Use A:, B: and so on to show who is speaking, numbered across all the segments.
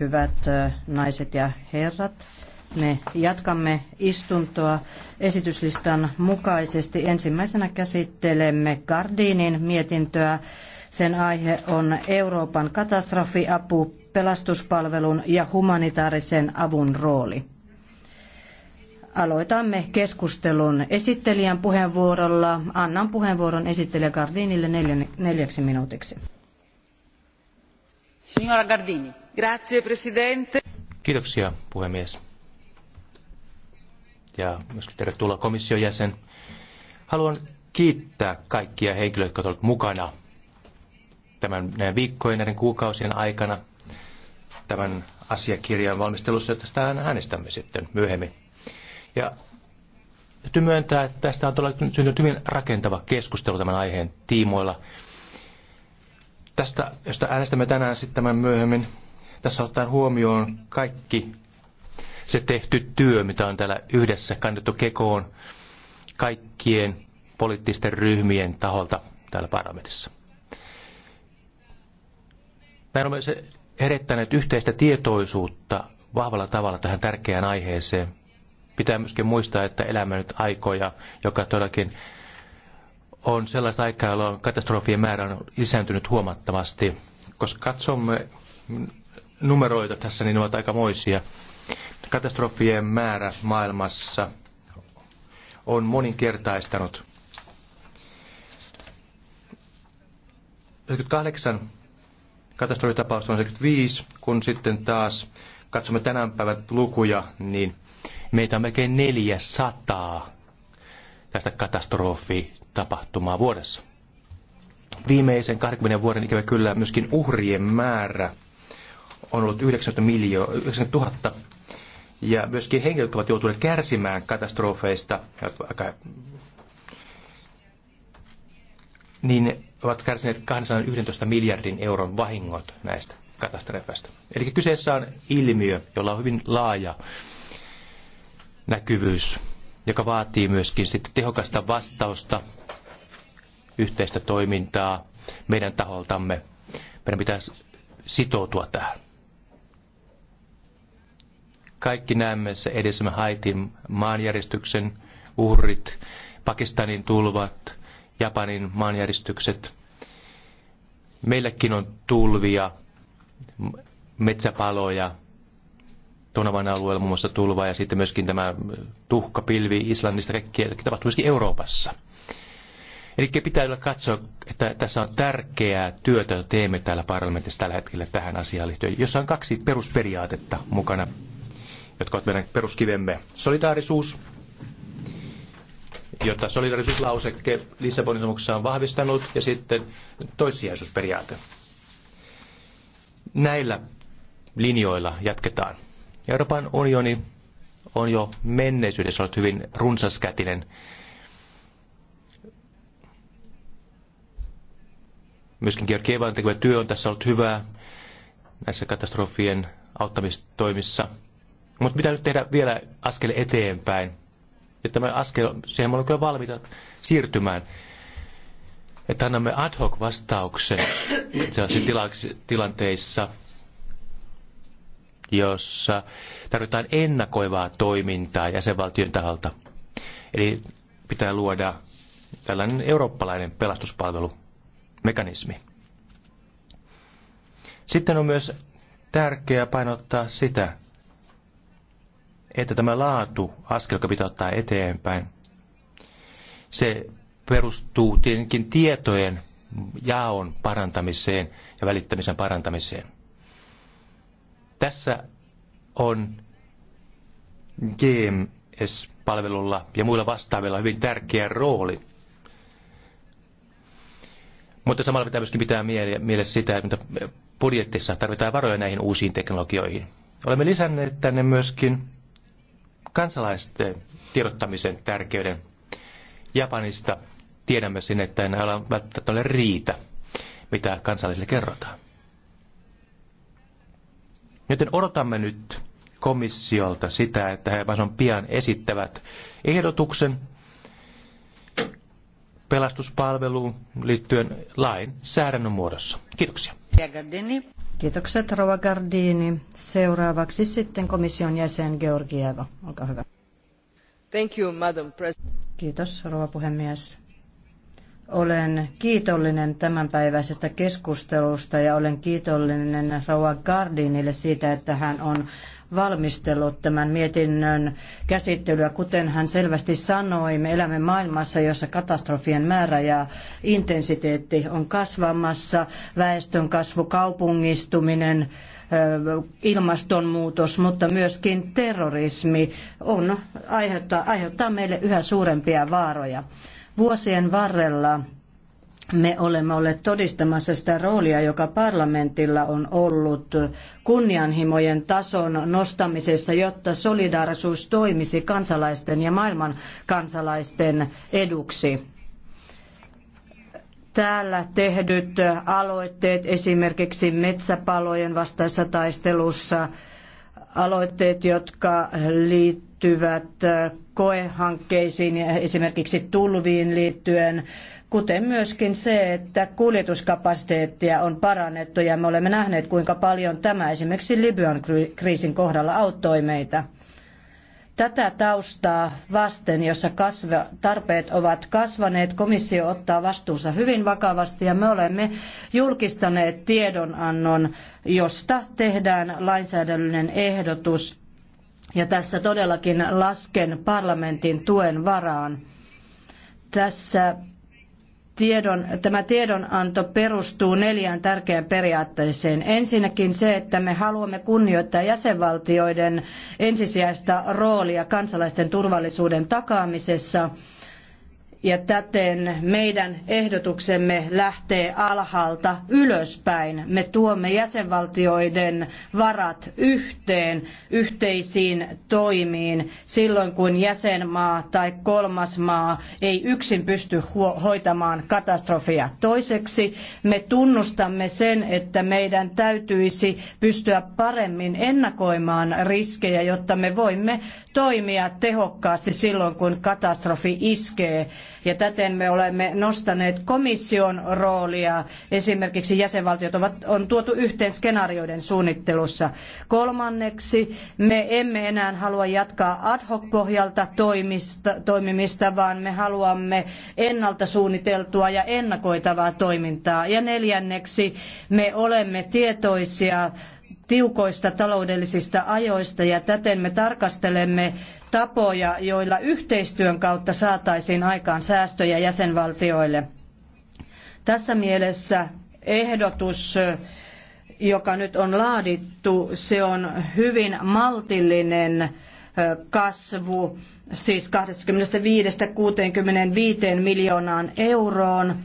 A: Hyvät naiset ja herrat, me jatkamme istuntoa esityslistan mukaisesti. Ensimmäisenä käsittelemme Gardinin mietintöä. Sen aihe on Euroopan katastrofiapu, pelastuspalvelun ja humanitaarisen avun rooli. Aloitamme keskustelun esittelijän puheenvuorolla. Annan puheenvuoron esittelijä Gardinille neljäksi minuutiksi.
B: Signora Gardini.
A: Grazie, presidente.
B: Kiitoksia, puhemies. Ja myöskin tervetuloa komission jäsen. Haluan kiittää kaikkia henkilöitä, jotka ovat mukana tämän näiden viikkojen, näiden kuukausien aikana tämän asiakirjan valmistelussa, josta äänestämme sitten myöhemmin. Ja täytyy myöntää, että tästä on todella syntynyt hyvin rakentava keskustelu tämän aiheen tiimoilla. Tästä, josta äänestämme tänään sitten tämän myöhemmin, tässä ottaen huomioon kaikki se tehty työ, mitä on täällä yhdessä kannettu kekoon kaikkien poliittisten ryhmien taholta täällä parlamentissa. Näin olemme herättäneet yhteistä tietoisuutta vahvalla tavalla tähän tärkeään aiheeseen, pitää myöskin muistaa, että elämme nyt aikoja, joka todellakin on sellaista aikaa, jolloin katastrofien määrä on lisääntynyt huomattavasti. Koska katsomme numeroita tässä, niin ne ovat moisia. Katastrofien määrä maailmassa on moninkertaistanut. 98 katastrofitapausta on 75, kun sitten taas katsomme tänään päivän lukuja, niin Meitä on melkein 400 tästä katastrofitapahtumaa vuodessa. Viimeisen 20 vuoden ikävä kyllä myöskin uhrien määrä on ollut 90, miljo- 90 000. Ja myöskin henkilöt ovat joutuneet kärsimään katastrofeista, aika, niin ovat kärsineet 211 miljardin euron vahingot näistä katastrofeista. Eli kyseessä on ilmiö, jolla on hyvin laaja näkyvyys, joka vaatii myöskin sitten tehokasta vastausta, yhteistä toimintaa meidän taholtamme. Meidän pitäisi sitoutua tähän. Kaikki näemme se edessämme Haitin maanjäristyksen uhrit, Pakistanin tulvat, Japanin maanjäristykset. Meilläkin on tulvia, metsäpaloja, Tonavan alueella, muun muassa tulva ja sitten myöskin tämä tuhkapilvi Islannista, kaikki tapahtuu myöskin Euroopassa. Eli pitää katsoa, että tässä on tärkeää työtä, jota teemme täällä parlamentissa tällä hetkellä tähän asiaan liittyen, jossa on kaksi perusperiaatetta mukana, jotka ovat meidän peruskivemme. Solidaarisuus, jota solidaarisuuslauseke Lissabonin sopimuksessa on vahvistanut, ja sitten toissijaisuusperiaate. Näillä linjoilla jatketaan. Euroopan unioni on jo menneisyydessä ollut hyvin runsaskätinen. Myöskin Georgievan tekemä työ on tässä ollut hyvää näissä katastrofien auttamistoimissa. Mutta mitä nyt tehdä vielä askel eteenpäin? Ja tämä askel, siihen me ollaan kyllä valmiita siirtymään. Että annamme ad hoc vastauksen sellaisissa tilanteissa, jossa tarvitaan ennakoivaa toimintaa jäsenvaltion taholta. Eli pitää luoda tällainen eurooppalainen pelastuspalvelumekanismi. Sitten on myös tärkeää painottaa sitä, että tämä laatu askel, joka pitää ottaa eteenpäin, se perustuu tietenkin tietojen jaon parantamiseen ja välittämisen parantamiseen. Tässä on GMS-palvelulla ja muilla vastaavilla hyvin tärkeä rooli. Mutta samalla pitää myöskin pitää mielessä sitä, että budjettissa tarvitaan varoja näihin uusiin teknologioihin. Olemme lisänneet tänne myöskin kansalaisten tiedottamisen tärkeyden. Japanista tiedämme sen, että ei ole välttämättä ole riitä, mitä kansallisille kerrotaan. Joten odotamme nyt komissiolta sitä, että he on pian esittävät ehdotuksen pelastuspalveluun liittyen lain säädännön muodossa. Kiitoksia.
A: Kiitokset, Rova Gardini. Seuraavaksi sitten komission jäsen Georgieva. Olkaa hyvä. Thank you, Madam President. Kiitos, rouva puhemies. Olen kiitollinen tämänpäiväisestä keskustelusta ja olen kiitollinen Rauha Gardinille siitä, että hän on valmistellut tämän mietinnön käsittelyä. Kuten hän selvästi sanoi, me elämme maailmassa, jossa katastrofien määrä ja intensiteetti on kasvamassa, väestön kasvu, kaupungistuminen, ilmastonmuutos, mutta myöskin terrorismi on, aiheuttaa, aiheuttaa meille yhä suurempia vaaroja. Vuosien varrella me olemme olleet todistamassa sitä roolia, joka parlamentilla on ollut kunnianhimojen tason nostamisessa, jotta solidaarisuus toimisi kansalaisten ja maailman kansalaisten eduksi täällä tehdyt aloitteet esimerkiksi metsäpalojen vastaisessa taistelussa, aloitteet, jotka liittyvät liittyvät koehankkeisiin, esimerkiksi tulviin liittyen, kuten myöskin se, että kuljetuskapasiteettia on parannettu ja me olemme nähneet, kuinka paljon tämä esimerkiksi Libyan kriisin kohdalla auttoi meitä. Tätä taustaa vasten, jossa kasva, tarpeet ovat kasvaneet, komissio ottaa vastuunsa hyvin vakavasti ja me olemme julkistaneet tiedonannon, josta tehdään lainsäädännöllinen ehdotus ja tässä todellakin lasken parlamentin tuen varaan. Tässä tiedon, tämä tiedonanto perustuu neljään tärkeään periaatteeseen. Ensinnäkin se, että me haluamme kunnioittaa jäsenvaltioiden ensisijaista roolia kansalaisten turvallisuuden takaamisessa – ja täten meidän ehdotuksemme lähtee alhaalta ylöspäin. Me tuomme jäsenvaltioiden varat yhteen yhteisiin toimiin silloin, kun jäsenmaa tai kolmas maa ei yksin pysty hoitamaan katastrofia. Toiseksi me tunnustamme sen, että meidän täytyisi pystyä paremmin ennakoimaan riskejä, jotta me voimme toimia tehokkaasti silloin, kun katastrofi iskee ja täten me olemme nostaneet komission roolia. Esimerkiksi jäsenvaltiot ovat, on tuotu yhteen skenaarioiden suunnittelussa. Kolmanneksi me emme enää halua jatkaa ad hoc pohjalta toimista, toimimista, vaan me haluamme ennalta suunniteltua ja ennakoitavaa toimintaa. Ja neljänneksi me olemme tietoisia tiukoista taloudellisista ajoista ja täten me tarkastelemme tapoja, joilla yhteistyön kautta saataisiin aikaan säästöjä jäsenvaltioille. Tässä mielessä ehdotus, joka nyt on laadittu, se on hyvin maltillinen kasvu, siis 25-65 miljoonaan euroon –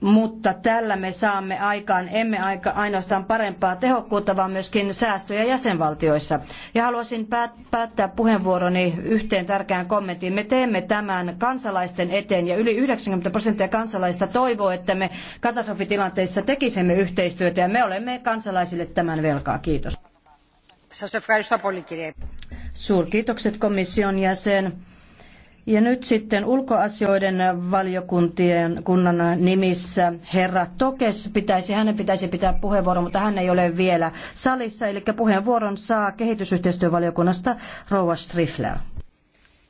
A: mutta tällä me saamme aikaan emme aika, ainoastaan parempaa tehokkuutta, vaan myöskin säästöjä jäsenvaltioissa. Ja haluaisin päättää puheenvuoroni yhteen tärkeään kommenttiin. Me teemme tämän kansalaisten eteen ja yli 90 prosenttia kansalaista toivoo, että me katastrofitilanteissa tekisimme yhteistyötä ja me olemme kansalaisille tämän velkaa. Kiitos. Suurkiitokset komission jäsen. Ja nyt sitten ulkoasioiden valiokuntien kunnan nimissä herra Tokes, pitäisi, hänen pitäisi pitää puheenvuoro, mutta hän ei ole vielä salissa. Eli puheenvuoron saa kehitysyhteistyövaliokunnasta Rouva Strifler.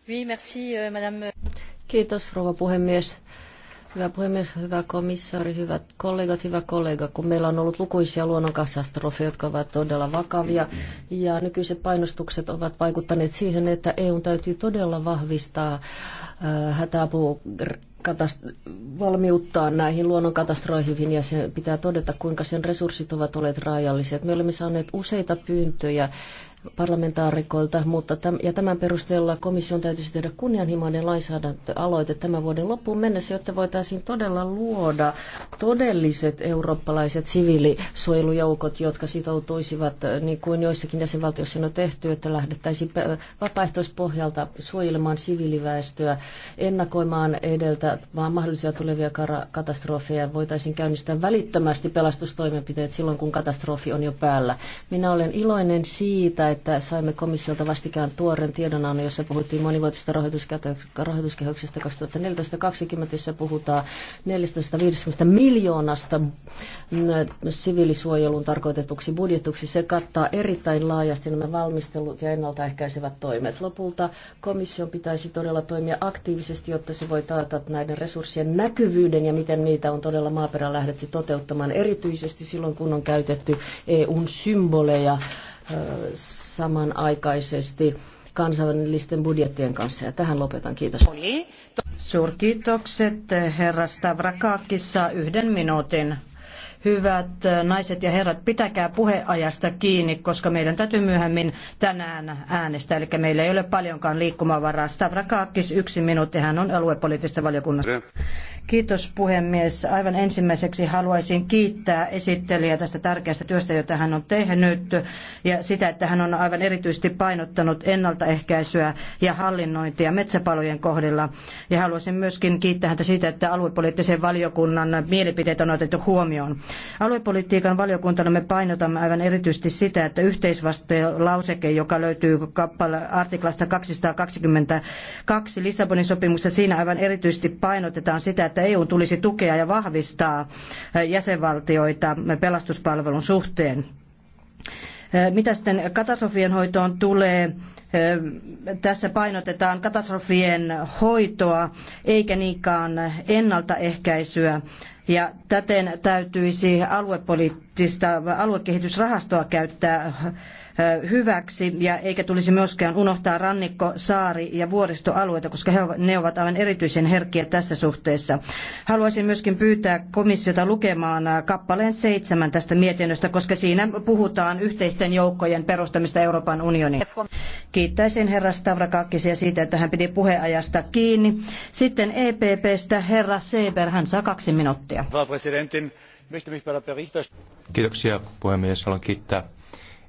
A: Euh, Kiitos rouva puhemies.
C: Hyvä puhemies, hyvä komissaari, hyvät kollegat, hyvä kollega. Kun meillä on ollut lukuisia luonnonkatastrofeja, jotka ovat todella vakavia, ja nykyiset painostukset ovat vaikuttaneet siihen, että EU täytyy todella vahvistaa äh, hätäapu näihin luonnonkatastrofeihin, ja se pitää todeta, kuinka sen resurssit ovat olleet rajalliset. Me olemme saaneet useita pyyntöjä parlamentaarikoilta, mutta tämän, ja tämän perusteella komission täytyisi tehdä kunnianhimoinen lainsäädäntöaloite tämän vuoden loppuun mennessä, jotta voitaisiin todella luoda todelliset eurooppalaiset siviilisuojelujoukot, jotka sitoutuisivat, eh, niin kuin joissakin jäsenvaltioissa on tehty, että lähdettäisiin vapaaehtoispohjalta suojelemaan siviiliväestöä, ennakoimaan edeltä vaan mahdollisia tulevia katastrofeja, voitaisiin käynnistää välittömästi pelastustoimenpiteet silloin, kun katastrofi on jo päällä. Minä olen iloinen siitä, että saimme komissiolta vastikään tuoren tiedonannon, jossa puhuttiin monivuotisesta rahoituskehyksestä 2014-2020, jossa puhutaan 450 miljoonasta mm, siviilisuojeluun tarkoitetuksi budjetuksi. Se kattaa erittäin laajasti nämä valmistelut ja ennaltaehkäisevät toimet. Lopulta komission pitäisi todella toimia aktiivisesti, jotta se voi taata näiden resurssien näkyvyyden ja miten niitä on todella maaperä lähdetty toteuttamaan, erityisesti silloin kun on käytetty EUn symboleja samanaikaisesti
A: kansainvälisten budjettien kanssa. Ja tähän lopetan. Kiitos. Suurkiitokset herra Stavrakakissa yhden minuutin. Hyvät äh, naiset ja herrat, pitäkää puheajasta kiinni, koska meidän täytyy myöhemmin tänään äänestää. Eli meillä ei ole paljonkaan liikkumavaraa. Stavrakakis, yksi minuutti, hän on aluepoliittisesta valiokunnasta. Kiitos puhemies. Aivan ensimmäiseksi haluaisin kiittää esittelijää tästä tärkeästä työstä, jota hän on tehnyt ja sitä, että hän on aivan erityisesti painottanut ennaltaehkäisyä ja hallinnointia metsäpalojen kohdilla. Ja haluaisin myöskin kiittää häntä siitä, että aluepoliittisen valiokunnan mielipiteet on otettu huomioon. Aluepolitiikan valiokuntana me painotamme aivan erityisesti sitä, että yhteisvastuulauseke, joka löytyy kappale artiklasta 222 Lissabonin sopimuksesta, siinä aivan erityisesti painotetaan sitä, että EU tulisi tukea ja vahvistaa jäsenvaltioita pelastuspalvelun suhteen. Mitä sitten katastrofien hoitoon tulee, tässä painotetaan katastrofien hoitoa eikä niinkään ennaltaehkäisyä ja täten täytyisi aluepolitiikkaa poliittista aluekehitysrahastoa käyttää äh, hyväksi ja eikä tulisi myöskään unohtaa rannikko, saari ja vuoristoalueita, koska ne ovat aivan erityisen herkkiä tässä suhteessa. Haluaisin myöskin pyytää komissiota lukemaan äh, kappaleen seitsemän tästä mietinnöstä, koska siinä puhutaan yhteisten joukkojen perustamista Euroopan unioniin. Kiittäisin herra Stavrakakisia siitä, että hän piti puheajasta kiinni. Sitten EPPstä herra Seber, hän saa kaksi minuuttia.
B: Frau Kiitoksia puhemies. Haluan kiittää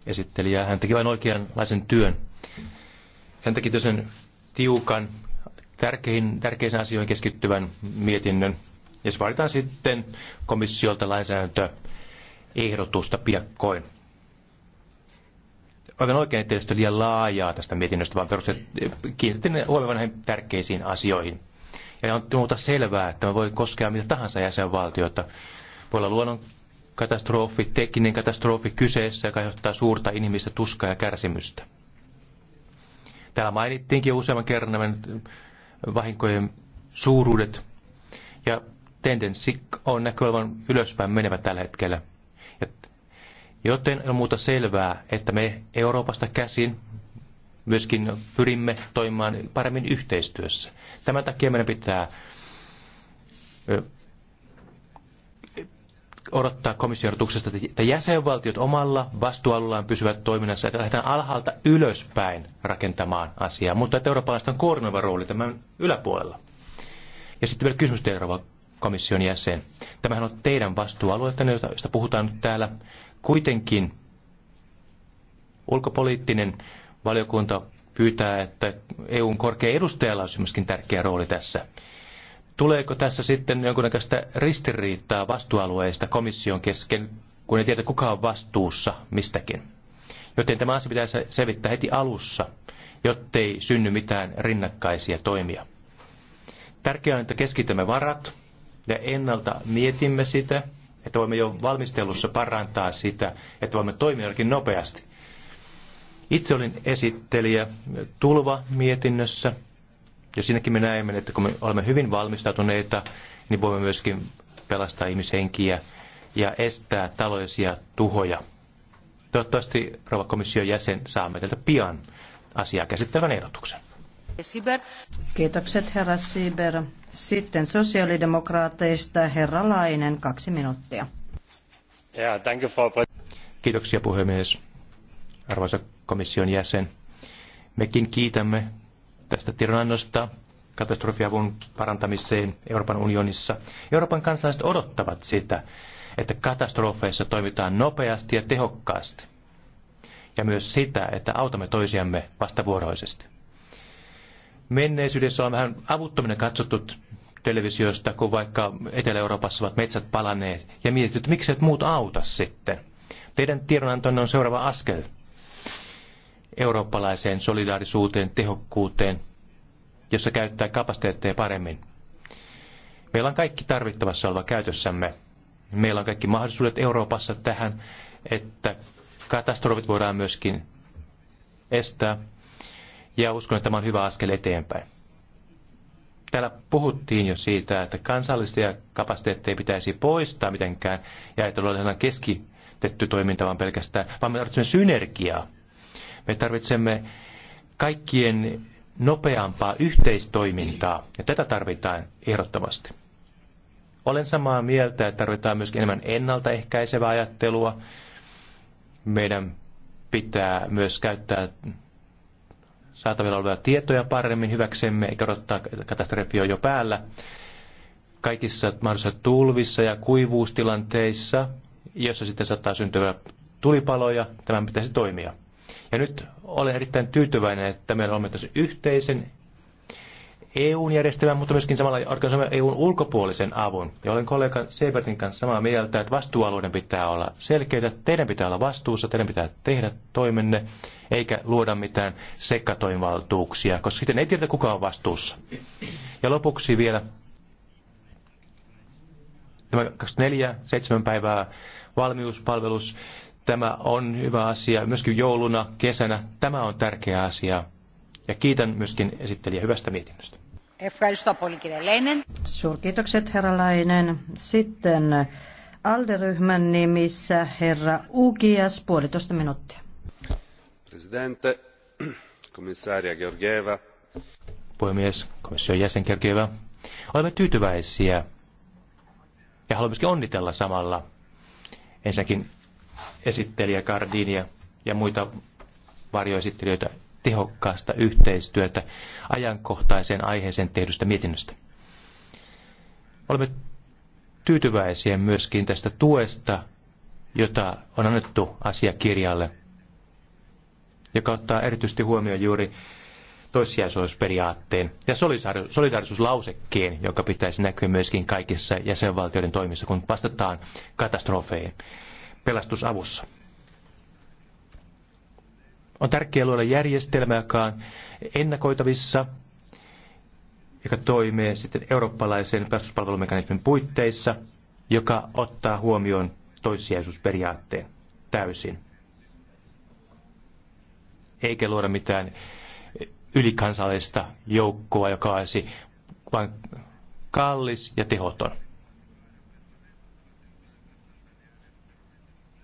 B: esittelijää. Hän teki vain oikeanlaisen työn. Hän teki sen tiukan, tärkein, tärkeisiin asioihin keskittyvän mietinnön. Ja se vaaditaan sitten komissiolta lainsäädäntöehdotusta piakkoin. Aivan oikein, ettei ole liian laajaa tästä mietinnöstä, vaan kiinnitettiin huomioon näihin tärkeisiin asioihin. Ja on muuta selvää, että me voi koskea mitä tahansa jäsenvaltiota, voi olla luonnon katastrofi, tekninen katastrofi kyseessä, joka aiheuttaa suurta inhimillistä tuskaa ja kärsimystä. Täällä mainittiinkin useamman kerran nämä eh, vahinkojen suuruudet, ja tendenssi on näkyy ylöspäin menevä tällä hetkellä. Joten on muuta selvää, että me Euroopasta käsin myöskin pyrimme toimimaan paremmin yhteistyössä. Tämän takia meidän pitää eh, odottaa komissiortuksesta, että jäsenvaltiot omalla vastuualueellaan pysyvät toiminnassa, että lähdetään alhaalta ylöspäin rakentamaan asiaa, mutta että eurooppalaiset on koordinoiva rooli tämän yläpuolella. Ja sitten vielä kysymys teille, komission jäsen. Tämähän on teidän vastuualueettanne, josta puhutaan nyt täällä. Kuitenkin ulkopoliittinen valiokunta pyytää, että EUn korkea edustajalla olisi myöskin tärkeä rooli tässä. Tuleeko tässä sitten jonkunnäköistä ristiriitaa vastuualueista komission kesken, kun ei tiedä kuka on vastuussa mistäkin? Joten tämä asia pitäisi selvittää heti alussa, jottei synny mitään rinnakkaisia toimia. Tärkeää on, että keskitämme varat ja ennalta mietimme sitä, että voimme jo valmistelussa parantaa sitä, että voimme toimia nopeasti. Itse olin esittelijä Tulva-mietinnössä – ja siinäkin me näemme, että kun me olemme hyvin valmistautuneita, niin voimme myöskin pelastaa ihmishenkiä ja estää taloisia tuhoja. Toivottavasti rouva komission jäsen saamme tältä pian asiaa käsittelevän ehdotuksen.
A: Siber. Kiitokset herra Siber. Sitten sosiaalidemokraateista herra Lainen, kaksi minuuttia.
B: thank you for... Kiitoksia puhemies, arvoisa komission jäsen. Mekin kiitämme tästä tiedonannosta katastrofiavun parantamiseen Euroopan unionissa. Euroopan kansalaiset odottavat sitä, että katastrofeissa toimitaan nopeasti ja tehokkaasti. Ja myös sitä, että autamme toisiamme vastavuoroisesti. Menneisyydessä on vähän avuttomina katsottu televisiosta, kun vaikka Etelä-Euroopassa ovat metsät palaneet ja että miksi et muut auta sitten. Teidän tiedonantonne on seuraava askel eurooppalaiseen solidaarisuuteen, tehokkuuteen, jossa käyttää kapasiteetteja paremmin. Meillä on kaikki tarvittavassa oleva käytössämme. Meillä on kaikki mahdollisuudet Euroopassa tähän, että katastrofit voidaan myöskin estää. Ja uskon, että tämä on hyvä askel eteenpäin. Täällä puhuttiin jo siitä, että kansallisia kapasiteetteja pitäisi poistaa mitenkään ja että ollaan keskitetty toiminta vaan pelkästään, vaan me tarvitsemme synergiaa me tarvitsemme kaikkien nopeampaa yhteistoimintaa, ja tätä tarvitaan ehdottomasti. Olen samaa mieltä, että tarvitaan myös enemmän ennaltaehkäisevää ajattelua. Meidän pitää myös käyttää saatavilla olevia tietoja paremmin hyväksemme, eikä odottaa katastrofia jo päällä. Kaikissa mahdollisissa tulvissa ja kuivuustilanteissa, jossa sitten saattaa syntyä tulipaloja, tämän pitäisi toimia. Ja nyt olen erittäin tyytyväinen, että meillä on tässä yhteisen EU-järjestelmän, mutta myöskin samalla organisoimme EUn ulkopuolisen avun. Ja olen kollega Sebertin kanssa samaa mieltä, että vastuualueiden pitää olla selkeitä, teidän pitää olla vastuussa, teidän pitää tehdä toimenne, eikä luoda mitään sekatoimivaltuuksia, koska sitten ei tiedä kuka on vastuussa. Ja lopuksi vielä tämä 24-7 päivää valmiuspalvelus, Tämä on hyvä asia myöskin jouluna, kesänä. Tämä on tärkeä asia. Ja kiitän myöskin esittelijä hyvästä mietinnöstä.
A: Suurkiitokset herra Lainen. Sitten ALDE-ryhmän nimissä herra Ugias, puolitoista minuuttia.
C: Presidente, komissaaria
B: Georgieva. Puhemies, komission jäsen Georgieva. Olemme tyytyväisiä ja haluan myöskin onnitella samalla ensinnäkin esittelijä Gardinia ja muita varjoesittelijöitä tehokkaasta yhteistyötä ajankohtaiseen aiheeseen tehdystä mietinnöstä. Olemme tyytyväisiä myöskin tästä tuesta, jota on annettu asiakirjalle, joka ottaa erityisesti huomioon juuri toissijaisuusperiaatteen ja solidaarisuuslausekkeen, joka pitäisi näkyä myöskin kaikissa jäsenvaltioiden toimissa, kun vastataan katastrofeihin pelastusavussa. On tärkeää luoda järjestelmä, joka on ennakoitavissa, joka toimii sitten eurooppalaisen pelastuspalvelumekanismin puitteissa, joka ottaa huomioon toissijaisuusperiaatteen täysin. Eikä luoda mitään ylikansallista joukkoa, joka olisi vain kallis ja tehoton.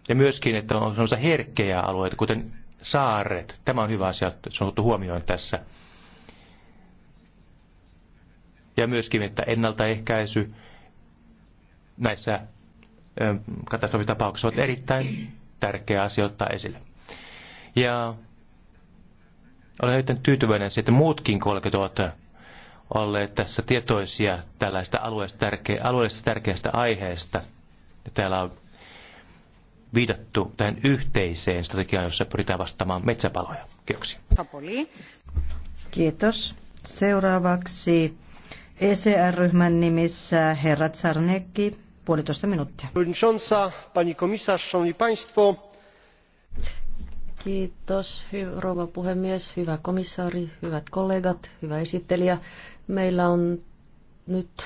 B: Ja myöskin, että on sellaisia herkkejä alueita, kuten saaret. Tämä on hyvä asia, että se on otettu huomioon tässä. Ja myöskin, että ennaltaehkäisy näissä katastrofitapauksissa on erittäin tärkeä asia ottaa esille. Ja olen erittäin tyytyväinen siitä, että muutkin kolket ovat olleet tässä tietoisia tällaista alueellisesta tärkeästä aiheesta. Ja täällä on viitattu tähän yhteiseen strategiaan, jossa pyritään vastaamaan metsäpaloja. Kiitoksia.
A: Kiitos. Seuraavaksi ECR-ryhmän nimissä herra Czarnecki, puolitoista minuuttia. pani komisarz, szanowni państwo.
C: Kiitos, rouva puhemies, hyvä komissaari, hyvät kollegat, hyvä esittelijä. Meillä on nyt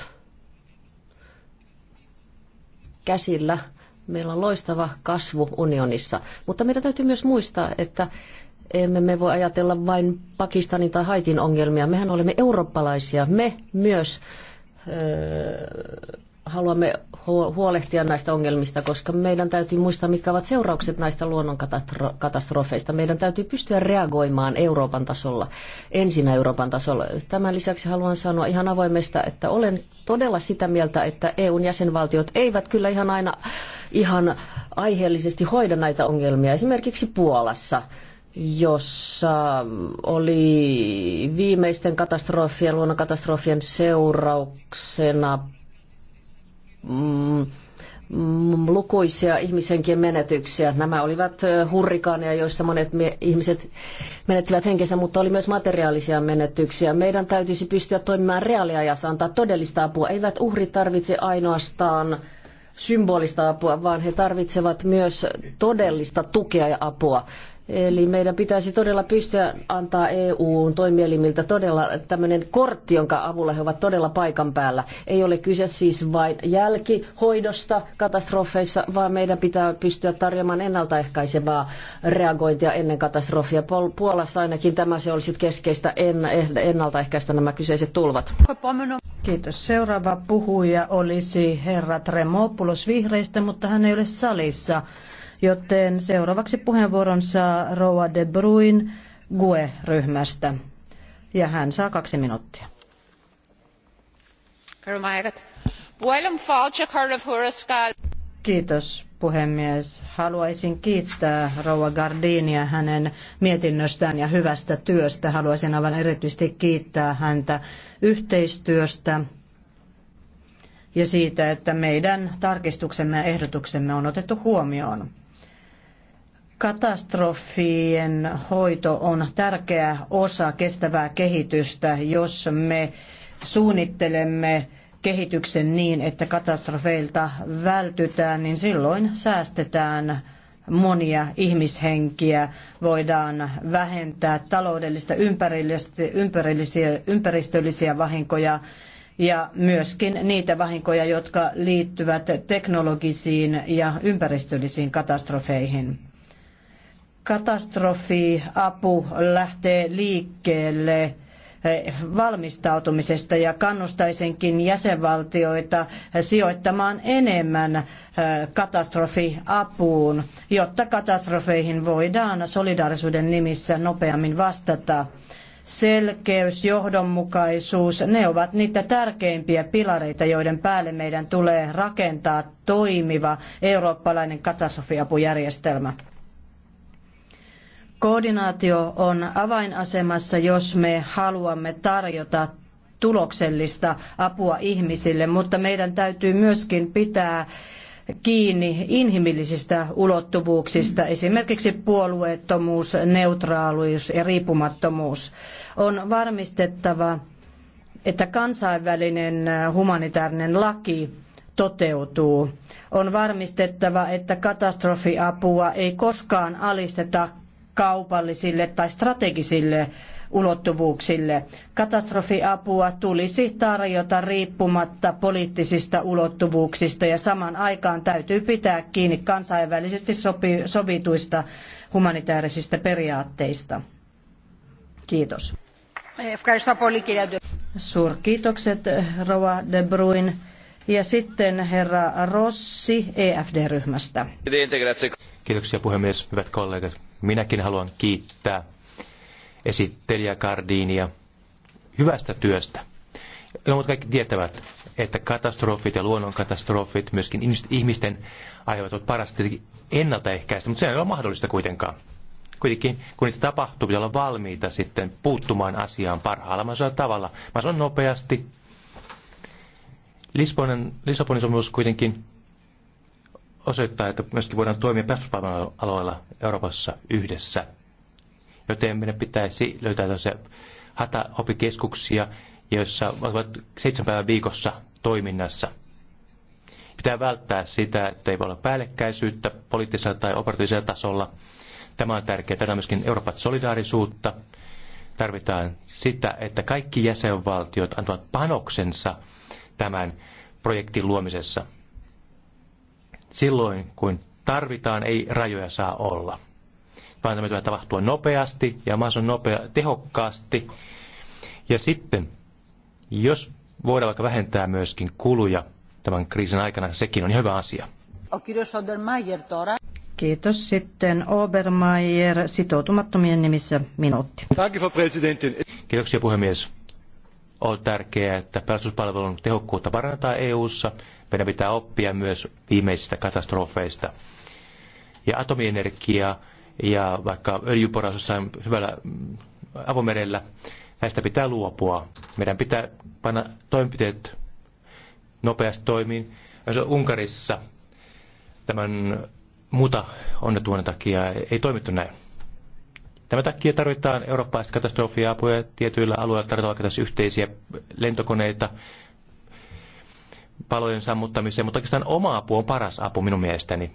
C: käsillä Meillä on loistava kasvu unionissa, mutta meidän täytyy myös muistaa, että emme me voi ajatella vain Pakistanin tai Haitin ongelmia. Mehän olemme eurooppalaisia. Me myös öö, haluamme huolehtia näistä ongelmista, koska meidän täytyy muistaa, mitkä ovat seuraukset näistä luonnonkatastrofeista. Meidän täytyy pystyä reagoimaan Euroopan tasolla, ensin Euroopan tasolla. Tämän lisäksi haluan sanoa ihan avoimesta, että olen todella sitä mieltä, että EUn jäsenvaltiot eivät kyllä ihan aina ihan aiheellisesti hoida näitä ongelmia. Esimerkiksi Puolassa jossa oli viimeisten katastrofien, luonnonkatastrofien seurauksena Mm, mm, lukuisia ihmisenkin menetyksiä. Nämä olivat hurrikaaneja, joissa monet ihmiset menettivät henkensä, mutta oli myös materiaalisia menetyksiä. Meidän täytyisi pystyä toimimaan reaaliajassa, antaa todellista apua. Eivät uhrit tarvitse ainoastaan symbolista apua, vaan he tarvitsevat myös todellista tukea ja apua. Eli meidän pitäisi todella pystyä antaa EUn toimielimiltä todella tämmöinen kortti, jonka avulla he ovat todella paikan päällä. Ei ole kyse siis vain jälkihoidosta katastrofeissa, vaan meidän pitää pystyä tarjoamaan ennaltaehkäisevää reagointia ennen katastrofia. Puolassa ainakin tämä se olisi keskeistä
A: eh- ennaltaehkäistä nämä kyseiset tulvat. Kiitos. Seuraava puhuja olisi herra Tremopoulos vihreistä, mutta hän ei ole salissa joten seuraavaksi puheenvuoron saa Roa de Bruin GUE-ryhmästä. Ja hän saa kaksi minuuttia. Kiitos puhemies. Haluaisin kiittää Roa Gardinia hänen mietinnöstään ja hyvästä työstä. Haluaisin aivan erityisesti kiittää häntä yhteistyöstä ja siitä, että meidän tarkistuksemme ja ehdotuksemme on otettu huomioon. Katastrofien hoito on tärkeä osa kestävää kehitystä, jos me suunnittelemme kehityksen niin, että katastrofeilta vältytään, niin silloin säästetään monia ihmishenkiä, voidaan vähentää taloudellista ympäristöllisiä vahinkoja ja myöskin niitä vahinkoja, jotka liittyvät teknologisiin ja ympäristöllisiin katastrofeihin katastrofiapu lähtee liikkeelle eh, valmistautumisesta ja kannustaisinkin jäsenvaltioita sijoittamaan enemmän eh, katastrofiapuun, jotta katastrofeihin voidaan solidaarisuuden nimissä nopeammin vastata. Selkeys, johdonmukaisuus, ne ovat niitä tärkeimpiä pilareita, joiden päälle meidän tulee rakentaa toimiva eurooppalainen katastrofiapujärjestelmä. Koordinaatio on avainasemassa, jos me haluamme tarjota tuloksellista apua ihmisille, mutta meidän täytyy myöskin pitää kiinni inhimillisistä ulottuvuuksista, esimerkiksi puolueettomuus, neutraalius ja riippumattomuus. On varmistettava, että kansainvälinen humanitaarinen laki toteutuu. On varmistettava, että katastrofiapua ei koskaan alisteta kaupallisille tai strategisille ulottuvuuksille. Katastrofiapua tulisi tarjota riippumatta poliittisista ulottuvuuksista ja saman aikaan täytyy pitää kiinni kansainvälisesti sovituista humanitaarisista periaatteista. Kiitos. Suurkiitokset Rova de Bruin. Ja sitten herra Rossi EFD-ryhmästä.
B: Kiitoksia puhemies, hyvät kollegat. Minäkin haluan kiittää esittelijä Kardiinia hyvästä työstä. No, mutta kaikki tietävät, että katastrofit ja luonnonkatastrofit, myöskin ihmisten aiheuttavat parasta ennaltaehkäistä, mutta se ei ole mahdollista kuitenkaan. Kuitenkin, kun niitä tapahtuu, pitää olla valmiita sitten puuttumaan asiaan parhaalla mahdollisella tavalla. Mä sanon nopeasti. Lisbonin, Lisbonin sopimus kuitenkin osoittaa, että myöskin voidaan toimia pelastuspalvelun aloilla Euroopassa yhdessä. Joten meidän pitäisi löytää tällaisia hataopikeskuksia, joissa ovat seitsemän päivän viikossa toiminnassa. Pitää välttää sitä, että ei voi olla päällekkäisyyttä poliittisella tai operatiivisella tasolla. Tämä on tärkeää. Tämä on myöskin Euroopan solidaarisuutta. Tarvitaan sitä, että kaikki jäsenvaltiot antavat panoksensa tämän projektin luomisessa – silloin, kun tarvitaan, ei rajoja saa olla. Vaan tämä tulee tapahtua nopeasti ja mahdollisimman nopea, tehokkaasti. Ja sitten, jos voidaan vaikka vähentää myöskin kuluja tämän kriisin aikana, sekin on hyvä asia.
A: Kiitos. Sitten Obermeier sitoutumattomien nimissä minuutti.
B: Kiitoksia puhemies on tärkeää, että pelastuspalvelun tehokkuutta parannetaan EU-ssa. Meidän pitää oppia myös viimeisistä katastrofeista. Ja atomienergia ja vaikka öljyporaus jossain hyvällä mm, avomerellä, näistä pitää luopua. Meidän pitää panna toimenpiteet nopeasti toimiin. Unkarissa tämän muuta onnetuuden takia ei toimittu näin. Tämän takia tarvitaan eurooppalaista katastrofiapua tietyillä alueilla, tarvitaan vaikka yhteisiä lentokoneita, palojen sammuttamiseen, mutta oikeastaan oma apu on paras apu minun mielestäni.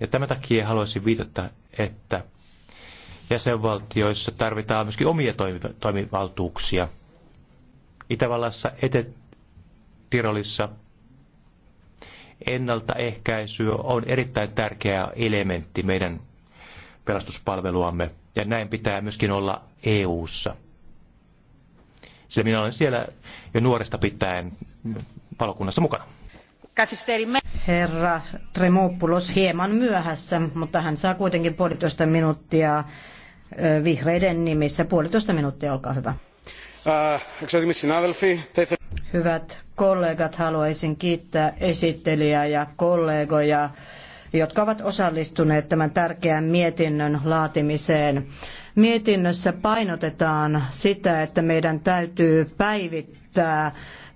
B: Ja tämän takia haluaisin viitata, että jäsenvaltioissa tarvitaan myöskin omia toimivaltuuksia. Itävallassa, Etetirolissa ennaltaehkäisy on erittäin tärkeä elementti meidän pelastuspalveluamme – ja näin pitää myöskin olla EU:ssa. Sillä minä olen siellä jo nuoresta pitäen palokunnassa mukana.
A: Herra Tremopoulos hieman myöhässä, mutta hän saa kuitenkin puolitoista minuuttia vihreiden nimissä. Puolitoista minuuttia, olkaa hyvä. Hyvät kollegat, haluaisin kiittää esittelijää ja kollegoja jotka ovat osallistuneet tämän tärkeän mietinnön laatimiseen. Mietinnössä painotetaan sitä, että meidän täytyy päivittää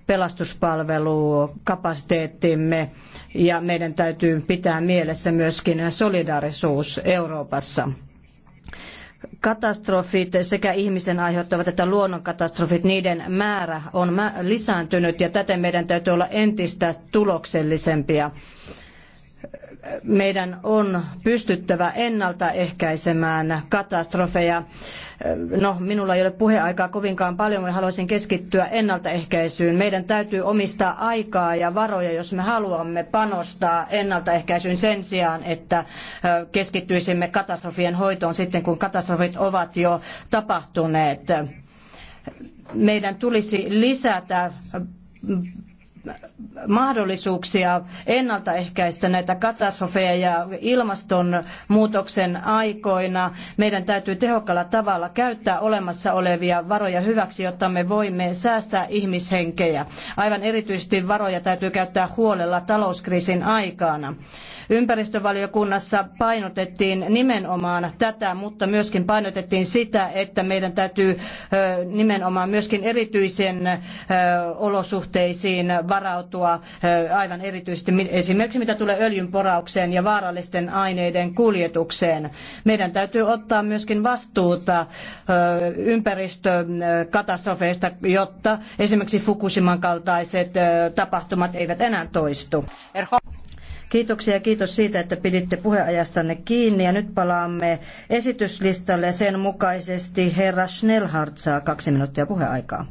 A: pelastuspalvelukapasiteettimme ja meidän täytyy pitää mielessä myöskin solidaarisuus Euroopassa katastrofit sekä ihmisen aiheuttavat että luonnonkatastrofit, niiden määrä on lisääntynyt ja täten meidän täytyy olla entistä tuloksellisempia meidän on pystyttävä ennaltaehkäisemään katastrofeja. No, minulla ei ole puheaikaa kovinkaan paljon, mutta haluaisin keskittyä ennaltaehkäisyyn. Meidän täytyy omistaa aikaa ja varoja, jos me haluamme panostaa ennaltaehkäisyyn sen sijaan, että keskittyisimme katastrofien hoitoon sitten, kun katastrofit ovat jo tapahtuneet. Meidän tulisi lisätä mahdollisuuksia ennaltaehkäistä näitä katastrofeja ja ilmastonmuutoksen aikoina. Meidän täytyy tehokkaalla tavalla käyttää olemassa olevia varoja hyväksi, jotta me voimme säästää ihmishenkejä. Aivan erityisesti varoja täytyy käyttää huolella talouskriisin aikana. Ympäristövaliokunnassa painotettiin nimenomaan tätä, mutta myöskin painotettiin sitä, että meidän täytyy nimenomaan myöskin erityisen olosuhteisiin varautua aivan erityisesti esimerkiksi mitä tulee öljynporaukseen ja vaarallisten aineiden kuljetukseen. Meidän täytyy ottaa myöskin vastuuta ympäristökatastrofeista, jotta esimerkiksi Fukushiman kaltaiset tapahtumat eivät enää toistu. Kiitoksia ja kiitos siitä, että piditte puheajastanne kiinni. Ja nyt palaamme esityslistalle sen mukaisesti herra Schnellhardt saa kaksi minuuttia puheaikaa.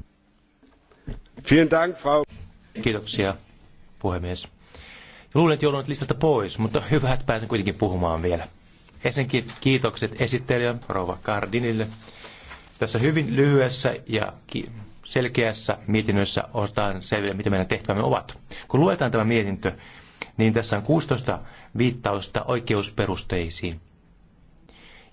B: Vielen Dank, Frau Kiitoksia, puhemies. Luulen, että joudun listalta pois, mutta hyvä, että pääsen kuitenkin puhumaan vielä. Ensinnäkin kiitokset esittelijän, Rova Kardinille. Tässä hyvin lyhyessä ja selkeässä mietinnössä otetaan selville, mitä meidän tehtävämme ovat. Kun luetaan tämä mietintö, niin tässä on 16 viittausta oikeusperusteisiin,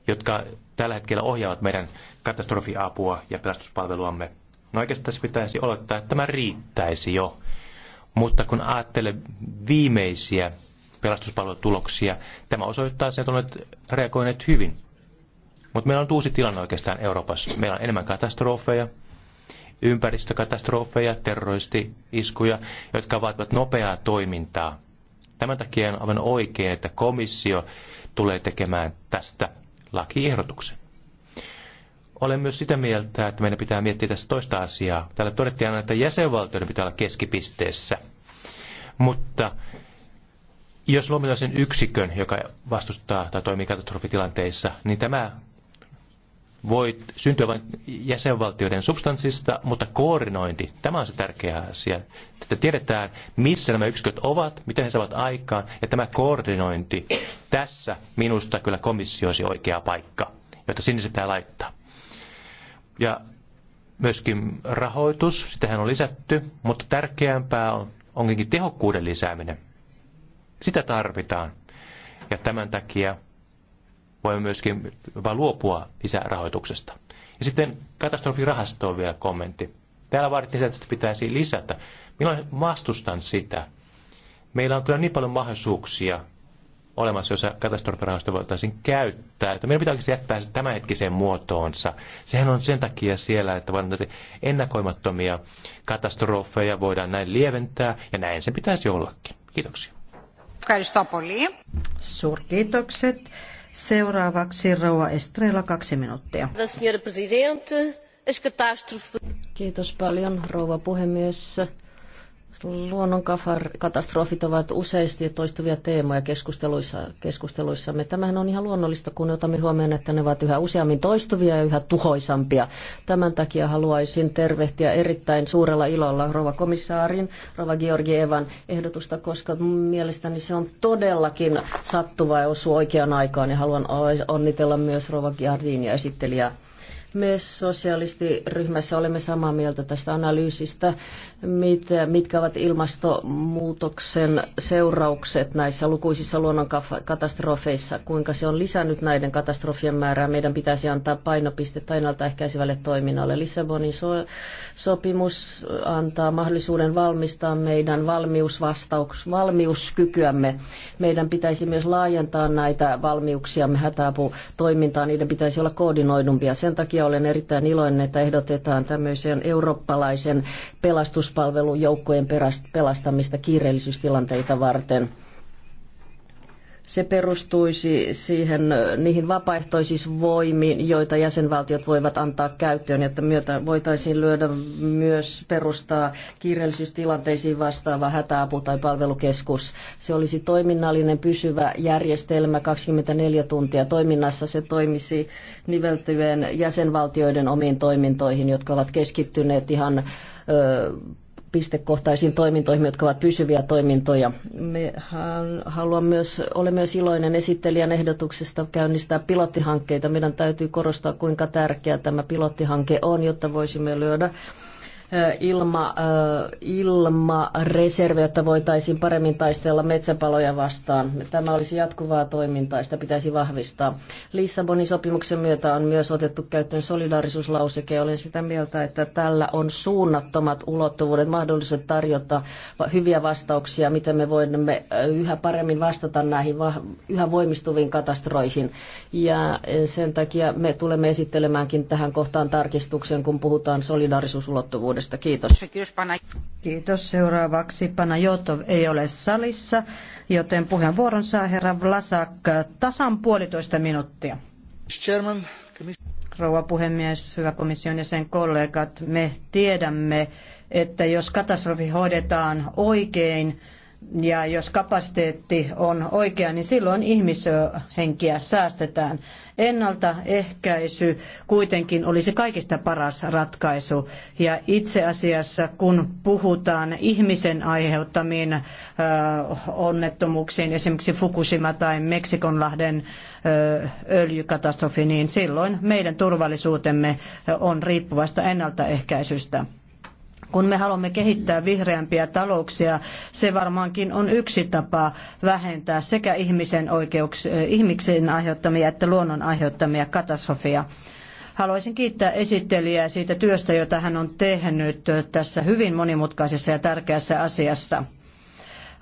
B: jotka tällä hetkellä ohjaavat meidän katastrofiapua ja pelastuspalveluamme. No oikeastaan tässä pitäisi olettaa, että tämä riittäisi jo mutta kun ajattelee viimeisiä pelastuspalvelutuloksia, tämä osoittaa sen, että olet reagoineet hyvin. Mutta meillä on uusi tilanne oikeastaan Euroopassa. Meillä on enemmän katastrofeja, ympäristökatastrofeja, terroristi-iskuja, jotka vaativat nopeaa toimintaa. Tämän takia on aivan oikein, että komissio tulee tekemään tästä lakiehdotuksen. Olen myös sitä mieltä, että meidän pitää miettiä tässä toista asiaa. Täällä todettiin aina, että jäsenvaltioiden pitää olla keskipisteessä. Mutta jos luomme sen yksikön, joka vastustaa tai toimii katastrofitilanteissa, niin tämä voi syntyä vain jäsenvaltioiden substanssista, mutta koordinointi, tämä on se tärkeä asia. Että tiedetään, missä nämä yksiköt ovat, miten he saavat aikaan, ja tämä koordinointi, tässä minusta kyllä komissio olisi oikea paikka, jota sinne se pitää laittaa. Ja myöskin rahoitus, sitähän on lisätty, mutta tärkeämpää on, onkin tehokkuuden lisääminen. Sitä tarvitaan. Ja tämän takia voimme myöskin vain luopua lisärahoituksesta. Ja sitten katastrofirahastoon vielä kommentti. Täällä vaadittiin että sitä pitäisi lisätä. Minä vastustan sitä. Meillä on kyllä niin paljon mahdollisuuksia olemassa, jossa katastrofirahasto voitaisiin käyttää. Että meidän pitää jättää se tämänhetkiseen muotoonsa. Sehän on sen takia siellä, että vain ennakoimattomia katastrofeja voidaan näin lieventää, ja näin se pitäisi ollakin. Kiitoksia.
A: Suurkiitokset. Seuraavaksi Rauha Estrella, kaksi minuuttia.
C: Kiitos paljon, rouva puhemies katastrofit ovat useasti toistuvia teemoja keskusteluissa, keskusteluissamme. Tämähän on ihan luonnollista, kun otamme huomioon, että ne ovat yhä useammin toistuvia ja yhä tuhoisampia. Tämän takia haluaisin tervehtiä erittäin suurella ilolla Rova komissaarin, Rova Georgievan ehdotusta, koska mielestäni se on todellakin sattuva ja osu oikeaan aikaan. Ja haluan onnitella myös Rova ja esittelijää me sosialistiryhmässä olemme samaa mieltä tästä analyysistä, mitkä ovat ilmastonmuutoksen seuraukset näissä lukuisissa luonnonkatastrofeissa, kuinka se on lisännyt näiden katastrofien määrää. Meidän pitäisi antaa painopistettä ennaltaehkäisevälle toiminnalle. Lissabonin so- sopimus antaa mahdollisuuden valmistaa meidän valmiusvastauks, valmiuskykyämme. Meidän pitäisi myös laajentaa näitä valmiuksiamme hätäaputoimintaan. Niiden pitäisi olla koordinoidumpia. Sen takia olen erittäin iloinen, että ehdotetaan tämmöisen eurooppalaisen pelastuspalvelujoukkojen pelastamista kiireellisyystilanteita varten se perustuisi siihen, niihin vapaaehtoisiin voimiin, joita jäsenvaltiot voivat antaa käyttöön, että myötä voitaisiin lyödä myös perustaa kiireellisyystilanteisiin vastaava hätäapu tai palvelukeskus. Se olisi toiminnallinen pysyvä järjestelmä 24 tuntia toiminnassa. Se toimisi niveltyvien jäsenvaltioiden omiin toimintoihin, jotka ovat keskittyneet ihan ö, pistekohtaisiin toimintoihin, jotka ovat pysyviä toimintoja. Me haluan myös, olen myös iloinen esittelijän ehdotuksesta käynnistää pilottihankkeita. Meidän täytyy korostaa, kuinka tärkeä tämä pilottihanke on, jotta voisimme löydä ilma, ilmareservi, jotta voitaisiin paremmin taistella metsäpaloja vastaan. Tämä olisi jatkuvaa toimintaa, sitä pitäisi vahvistaa. Lissabonin sopimuksen myötä on myös otettu käyttöön solidaarisuuslauseke. Olen sitä mieltä, että tällä on suunnattomat ulottuvuudet, mahdollisuudet tarjota hyviä vastauksia, miten me voimme yhä paremmin vastata näihin yhä voimistuviin katastroihin. Ja e, sen takia me tulemme esittelemäänkin tähän kohtaan tarkistuksen, kun puhutaan solidaarisuusulottuvuudesta
A: joustavuudesta. Kiitos. Kiitos. Seuraavaksi Panajotov ei ole salissa, joten puheenvuoron saa herra Vlasak tasan puolitoista minuuttia. Rouva puhemies, hyvä komission jäsen kollegat, me tiedämme, että jos katastrofi hoidetaan oikein, ja jos kapasiteetti on oikea, niin silloin ihmishenkiä säästetään. Ennaltaehkäisy kuitenkin olisi kaikista paras ratkaisu. Ja itse asiassa, kun puhutaan ihmisen aiheuttamiin ö, onnettomuuksiin, esimerkiksi Fukushima tai Meksikonlahden ö, öljykatastrofi, niin silloin meidän turvallisuutemme on riippuvasta ennaltaehkäisystä. Kun me haluamme kehittää vihreämpiä talouksia, se varmaankin on yksi tapa vähentää sekä ihmisen, oikeuks, eh, ihmisen aiheuttamia että luonnon aiheuttamia katastrofia. Haluaisin kiittää esittelijää siitä työstä, jota hän on tehnyt tässä hyvin monimutkaisessa ja tärkeässä asiassa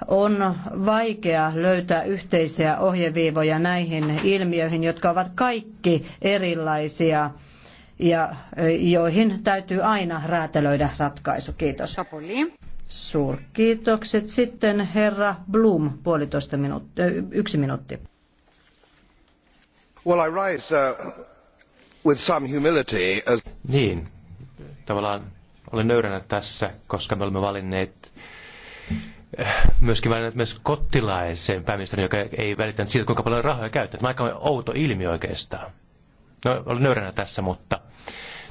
A: on vaikea löytää yhteisiä ohjeviivoja näihin ilmiöihin, jotka ovat kaikki erilaisia ja joihin täytyy aina räätälöidä ratkaisu. Kiitos. Suurkiitokset. Sitten herra Blum, puolitoista minuut- yksi minuutti.
B: Well, I rise, uh, with some humility as... Niin, tavallaan olen nöyränä tässä, koska me olemme valinneet äh, myöskin valinneet myös kottilaisen pääministerin, joka ei välitä siitä, kuinka paljon rahoja käytetään. Tämä on aika outo ilmiö oikeastaan no, olen nöyränä tässä, mutta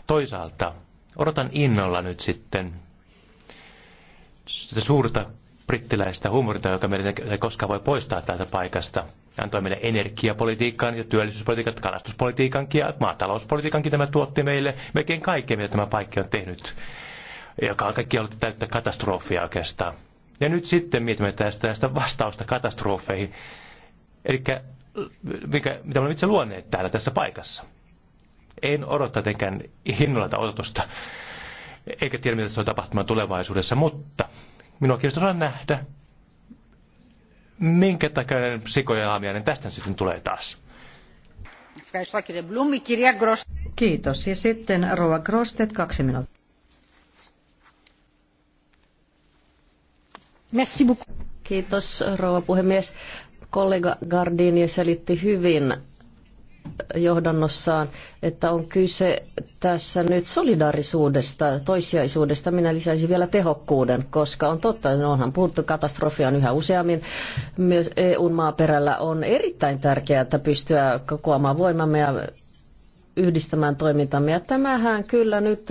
B: toisaalta odotan innolla nyt sitten sitä suurta brittiläistä humorita, joka meidän ei koskaan voi poistaa tältä paikasta. Hän toi meille energiapolitiikan ja työllisyyspolitiikan, kalastuspolitiikan ja maatalouspolitiikankin tämä tuotti meille melkein kaikkea, mitä tämä paikka on tehnyt, joka on kaikki ollut täyttä katastrofia oikeastaan. Ja nyt sitten mietimme tästä, tästä vastausta katastrofeihin, eli mikä, mitä olemme itse luoneet täällä tässä paikassa. En odota tietenkään hinnolla tätä odotusta, eikä tiedä mitä se on tapahtumaan tulevaisuudessa, mutta minua kiinnostaa nähdä, minkä takia sikojen aamiainen niin tästä sitten tulee taas.
A: Kiitos. Ja sitten Rova Grostet, kaksi minuuttia. Merci beaucoup. Kiitos
C: rouva puhemies. Kollega Gardini selitti hyvin johdannossaan, että on kyse tässä nyt solidaarisuudesta, toissijaisuudesta. Minä lisäisin vielä tehokkuuden, koska on totta, että onhan puhuttu katastrofia on yhä useammin. Myös EUn maaperällä on erittäin tärkeää, että pystyä kokoamaan voimamme ja yhdistämään toimintamme. Ja tämähän kyllä nyt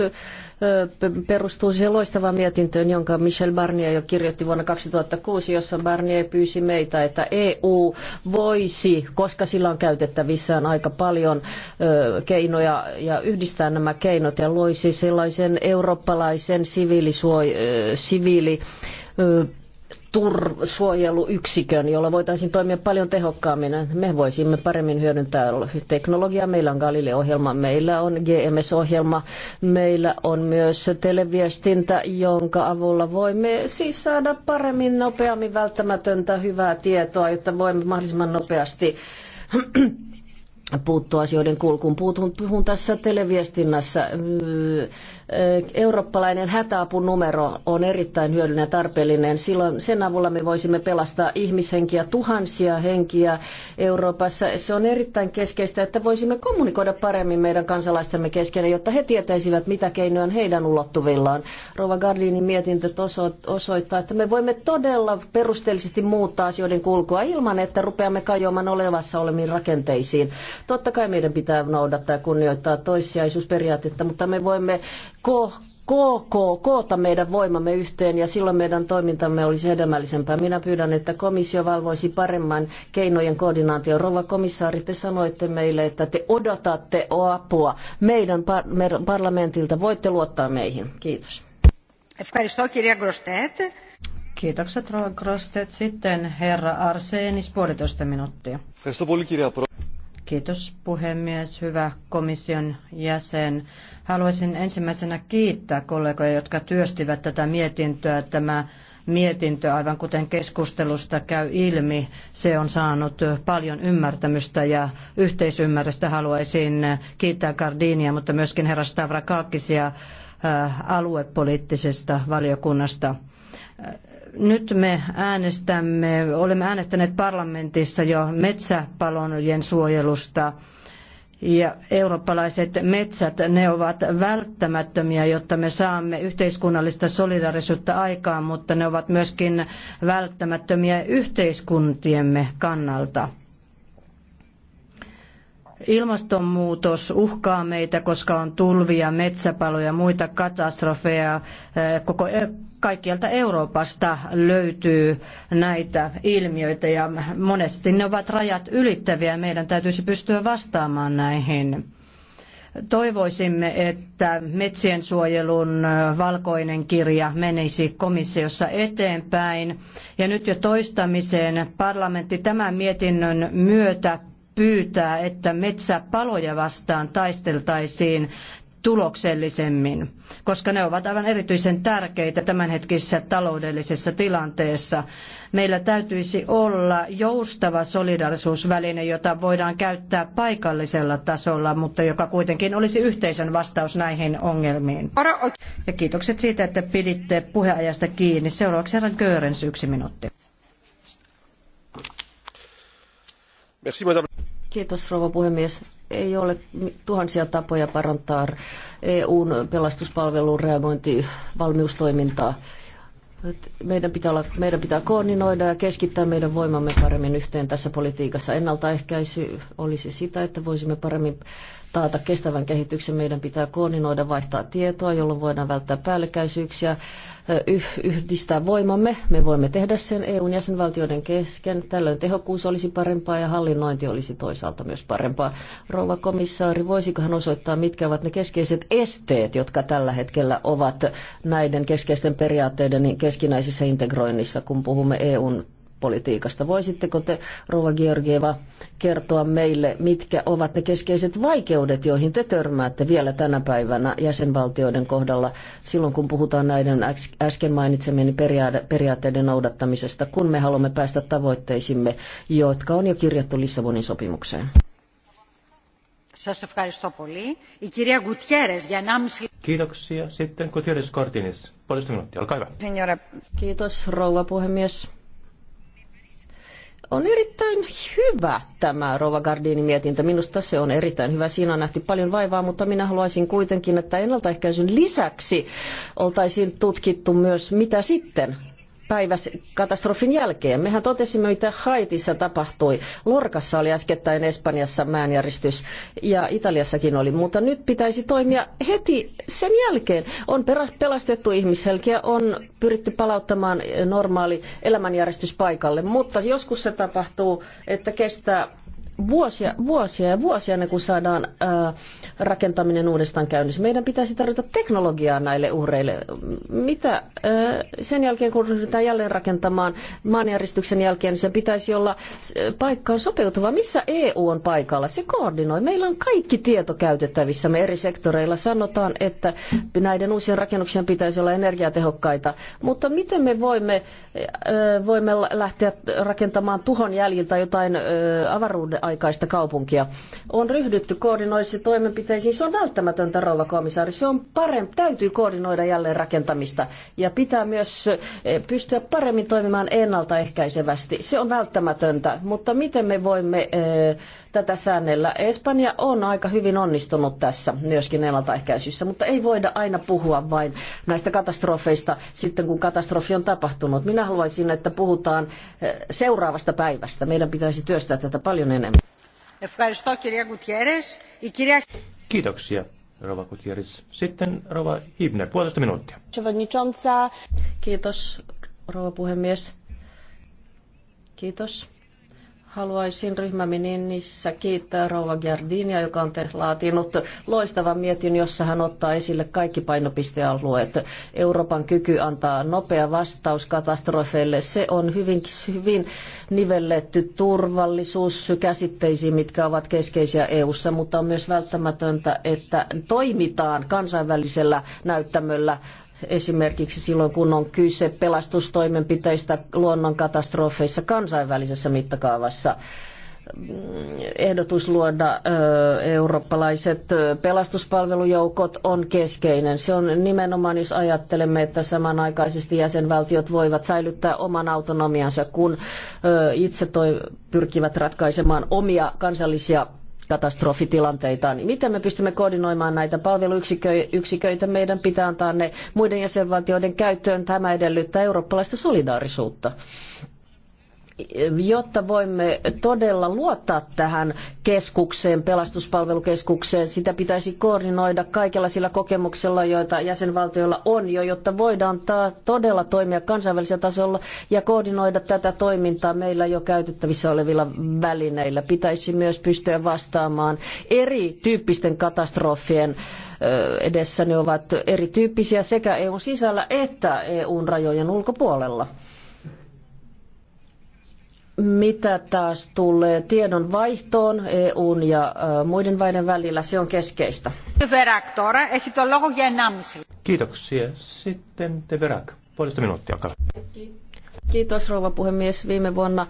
C: perustuu siihen loistavaan mietintöön, jonka Michel Barnier jo kirjoitti vuonna 2006, jossa Barnier pyysi meitä, että EU voisi, koska sillä on käytettävissään aika paljon keinoja ja yhdistää nämä keinot ja loisi sellaisen eurooppalaisen siviilisuoj- siviili tur- suojeluyksikön, jolla voitaisiin toimia paljon tehokkaammin. Me voisimme paremmin hyödyntää teknologiaa. Meillä on Galileo-ohjelma, meillä on GMS-ohjelma, meillä on myös televiestintä, jonka avulla voimme siis saada paremmin, nopeammin välttämätöntä hyvää tietoa, jotta voimme mahdollisimman nopeasti puuttua asioiden kulkuun. puhun tässä televiestinnässä Eurooppalainen hätäapun numero on erittäin hyödyllinen ja tarpeellinen. Silloin sen avulla me voisimme pelastaa ihmishenkiä, tuhansia henkiä Euroopassa. Se on erittäin keskeistä, että voisimme kommunikoida paremmin meidän kansalaistemme kesken, jotta he tietäisivät, mitä keinoja on heidän ulottuvillaan. Rova Gardinin mietintö osoittaa, että me voimme todella perusteellisesti muuttaa asioiden kulkua ilman, että rupeamme kajoamaan olevassa olemiin rakenteisiin. Totta kai meidän pitää noudattaa ja kunnioittaa toissijaisuusperiaatetta, mutta me voimme koota meidän voimamme yhteen ja silloin meidän toimintamme olisi hedelmällisempää. Minä pyydän, että komissio valvoisi paremman keinojen koordinaation. Rova komissaari, te sanoitte meille, että te odotatte apua meidän parlamentilta. Voitte luottaa meihin.
A: Kiitos. Kiitokset, Rova Grostet. Sitten herra Arsenis, puolitoista minuuttia. Kiitos puhemies, hyvä komission jäsen. Haluaisin ensimmäisenä kiittää kollegoja, jotka työstivät tätä mietintöä. Tämä mietintö, aivan kuten keskustelusta käy ilmi, se on saanut paljon ymmärtämystä ja yhteisymmärrystä. Haluaisin kiittää Gardinia, mutta myöskin herra Stavrakakisia aluepoliittisesta valiokunnasta nyt me äänestämme, olemme äänestäneet parlamentissa jo metsäpalojen suojelusta ja eurooppalaiset metsät, ne ovat välttämättömiä, jotta me saamme yhteiskunnallista solidaarisuutta aikaan, mutta ne ovat myöskin välttämättömiä yhteiskuntiemme kannalta. Ilmastonmuutos uhkaa meitä, koska on tulvia, metsäpaloja, muita katastrofeja. Eh, koko kaikkialta Euroopasta löytyy näitä ilmiöitä ja monesti ne ovat rajat ylittäviä. Meidän täytyisi pystyä vastaamaan näihin. Toivoisimme, että metsien suojelun valkoinen kirja menisi komissiossa eteenpäin. Ja nyt jo toistamiseen parlamentti tämän mietinnön myötä pyytää, että metsäpaloja vastaan taisteltaisiin tuloksellisemmin, koska ne ovat aivan erityisen tärkeitä tämänhetkisessä taloudellisessa tilanteessa. Meillä täytyisi olla joustava solidaarisuusväline, jota voidaan käyttää paikallisella tasolla, mutta joka kuitenkin olisi yhteisön vastaus näihin ongelmiin. Ja kiitokset siitä, että piditte puheajasta kiinni. Seuraavaksi herran Köörens yksi minuutti.
C: Kiitos rouva puhemies ei ole tuhansia tapoja parantaa EUn pelastuspalvelun reagointivalmiustoimintaa. Meidän pitää, olla, meidän pitää koordinoida ja keskittää meidän voimamme paremmin yhteen tässä politiikassa. Ennaltaehkäisy olisi sitä, että voisimme paremmin taata kestävän kehityksen, meidän pitää koordinoida, vaihtaa tietoa, jolloin voidaan välttää päällekkäisyyksiä, yhdistää voimamme. Me voimme tehdä sen EUn jäsenvaltioiden kesken. Tällöin tehokkuus olisi parempaa ja hallinnointi olisi toisaalta myös parempaa. Rouva komissaari, voisiko hän osoittaa, mitkä ovat ne keskeiset esteet, jotka tällä hetkellä ovat näiden keskeisten periaatteiden keskinäisessä integroinnissa, kun puhumme EUn politiikasta. Voisitteko te, Rova Georgieva, kertoa meille, mitkä ovat ne keskeiset vaikeudet, joihin te törmäätte vielä tänä päivänä jäsenvaltioiden kohdalla silloin, kun puhutaan näiden äsken mainitsemieni periaatteiden noudattamisesta, kun me haluamme päästä tavoitteisimme, jotka on jo kirjattu Lissabonin sopimukseen?
B: Kiitoksia. Sitten Gutierrez Cortines. Puolesta minuuttia, olkaa
C: hyvä. Kiitos rouva puhemies. On erittäin hyvä tämä Rova Gardinin mietintö. Minusta se on erittäin hyvä. Siinä on nähty paljon vaivaa, mutta minä haluaisin kuitenkin, että ennaltaehkäisyn lisäksi oltaisiin tutkittu myös mitä sitten päivä katastrofin jälkeen. Mehän totesimme, mitä Haitissa tapahtui. Lorkassa oli äskettäin Espanjassa määnjäristys ja Italiassakin oli, mutta nyt pitäisi toimia heti sen jälkeen. On pelastettu ihmishelkiä, on pyritty palauttamaan normaali elämänjärjestys paikalle, mutta joskus se tapahtuu, että kestää vuosia, vuosia ja vuosia ennen kuin saadaan ää, rakentaminen uudestaan käynnissä. Meidän pitäisi tarjota teknologiaa näille uhreille. Mitä ää, sen jälkeen, kun ryhdytään jälleen rakentamaan maanjäristyksen jälkeen, niin sen pitäisi olla paikkaan sopeutuva. Missä EU on paikalla? Se koordinoi. Meillä on kaikki tieto käytettävissä. Me eri sektoreilla sanotaan, että näiden uusien rakennuksien pitäisi olla energiatehokkaita. Mutta miten me voimme, ää, voimme lähteä rakentamaan tuhon jäljiltä jotain ää, avaruuden aikaista kaupunkia. On ryhdytty koordinoissa toimenpiteisiin. Se on välttämätöntä, rouva komisaari. Se on parempi. Täytyy koordinoida jälleen rakentamista ja pitää myös eh, pystyä paremmin toimimaan ennaltaehkäisevästi. Se on välttämätöntä, mutta miten me voimme äh, tätä säännellä. Espanja on aika hyvin onnistunut tässä myöskin ennaltaehkäisyssä, mutta ei voida aina puhua vain näistä katastrofeista sitten, kun katastrofi on tapahtunut. Minä haluaisin, että puhutaan eh,
B: seuraavasta päivästä. Meidän pitäisi työstää tätä paljon enemmän. Kiitoksia. Rova Gutierrez. Sitten Rova Hibner, puolitoista minuuttia.
C: Kiitos, rouva puhemies. Kiitos. Haluaisin ryhmämme nimissä kiittää Rouva Gardinia, joka on laatinut loistavan mietin, jossa hän ottaa esille kaikki painopistealueet. Euroopan kyky antaa nopea vastaus katastrofeille, se on hyvin, hyvin nivelletty turvallisuuskäsitteisiin, mitkä ovat keskeisiä EU:ssa, mutta on myös välttämätöntä, että toimitaan kansainvälisellä näyttämöllä esimerkiksi silloin, kun on kyse pelastustoimenpiteistä luonnonkatastrofeissa kansainvälisessä mittakaavassa mm, ehdotus luoda eurooppalaiset pelastuspalvelujoukot on keskeinen. Se on nimenomaan, jos ajattelemme, että samanaikaisesti jäsenvaltiot voivat säilyttää oman autonomiansa, kun itse pyrkivät ratkaisemaan omia kansallisia katastrofitilanteita, niin miten me pystymme koordinoimaan näitä palveluyksiköitä? Meidän pitää antaa ne muiden jäsenvaltioiden käyttöön. Tämä edellyttää eurooppalaista solidaarisuutta jotta voimme todella luottaa tähän keskukseen, pelastuspalvelukeskukseen, sitä pitäisi koordinoida kaikella sillä kokemuksella, joita jäsenvaltioilla on jo, jotta voidaan todella toimia kansainvälisellä tasolla ja koordinoida tätä toimintaa meillä jo käytettävissä olevilla välineillä. Pitäisi myös pystyä vastaamaan erityyppisten katastrofien edessä. Ne ovat erityyppisiä sekä EUn sisällä että EUn rajojen ulkopuolella. Mitä taas tulee tiedon vaihtoon EUn ja muiden maiden
B: välillä, se on keskeistä. Kiitoksia. Sitten Teverak, puolesta minuuttia.
C: Kiitos rouva puhemies. Viime vuonna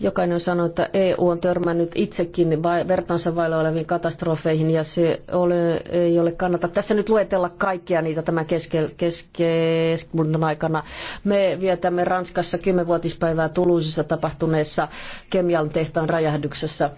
C: Jokainen sanoo, että EU on törmännyt itsekin vai, vertansa vailla oleviin katastrofeihin ja se ole, ei ole kannata. Tässä nyt luetella kaikkia niitä tämän kesken keske, aikana. Me vietämme Ranskassa kymmenvuotispäivää Tuluisissa tapahtuneessa Kemian tehtaan räjähdyksessä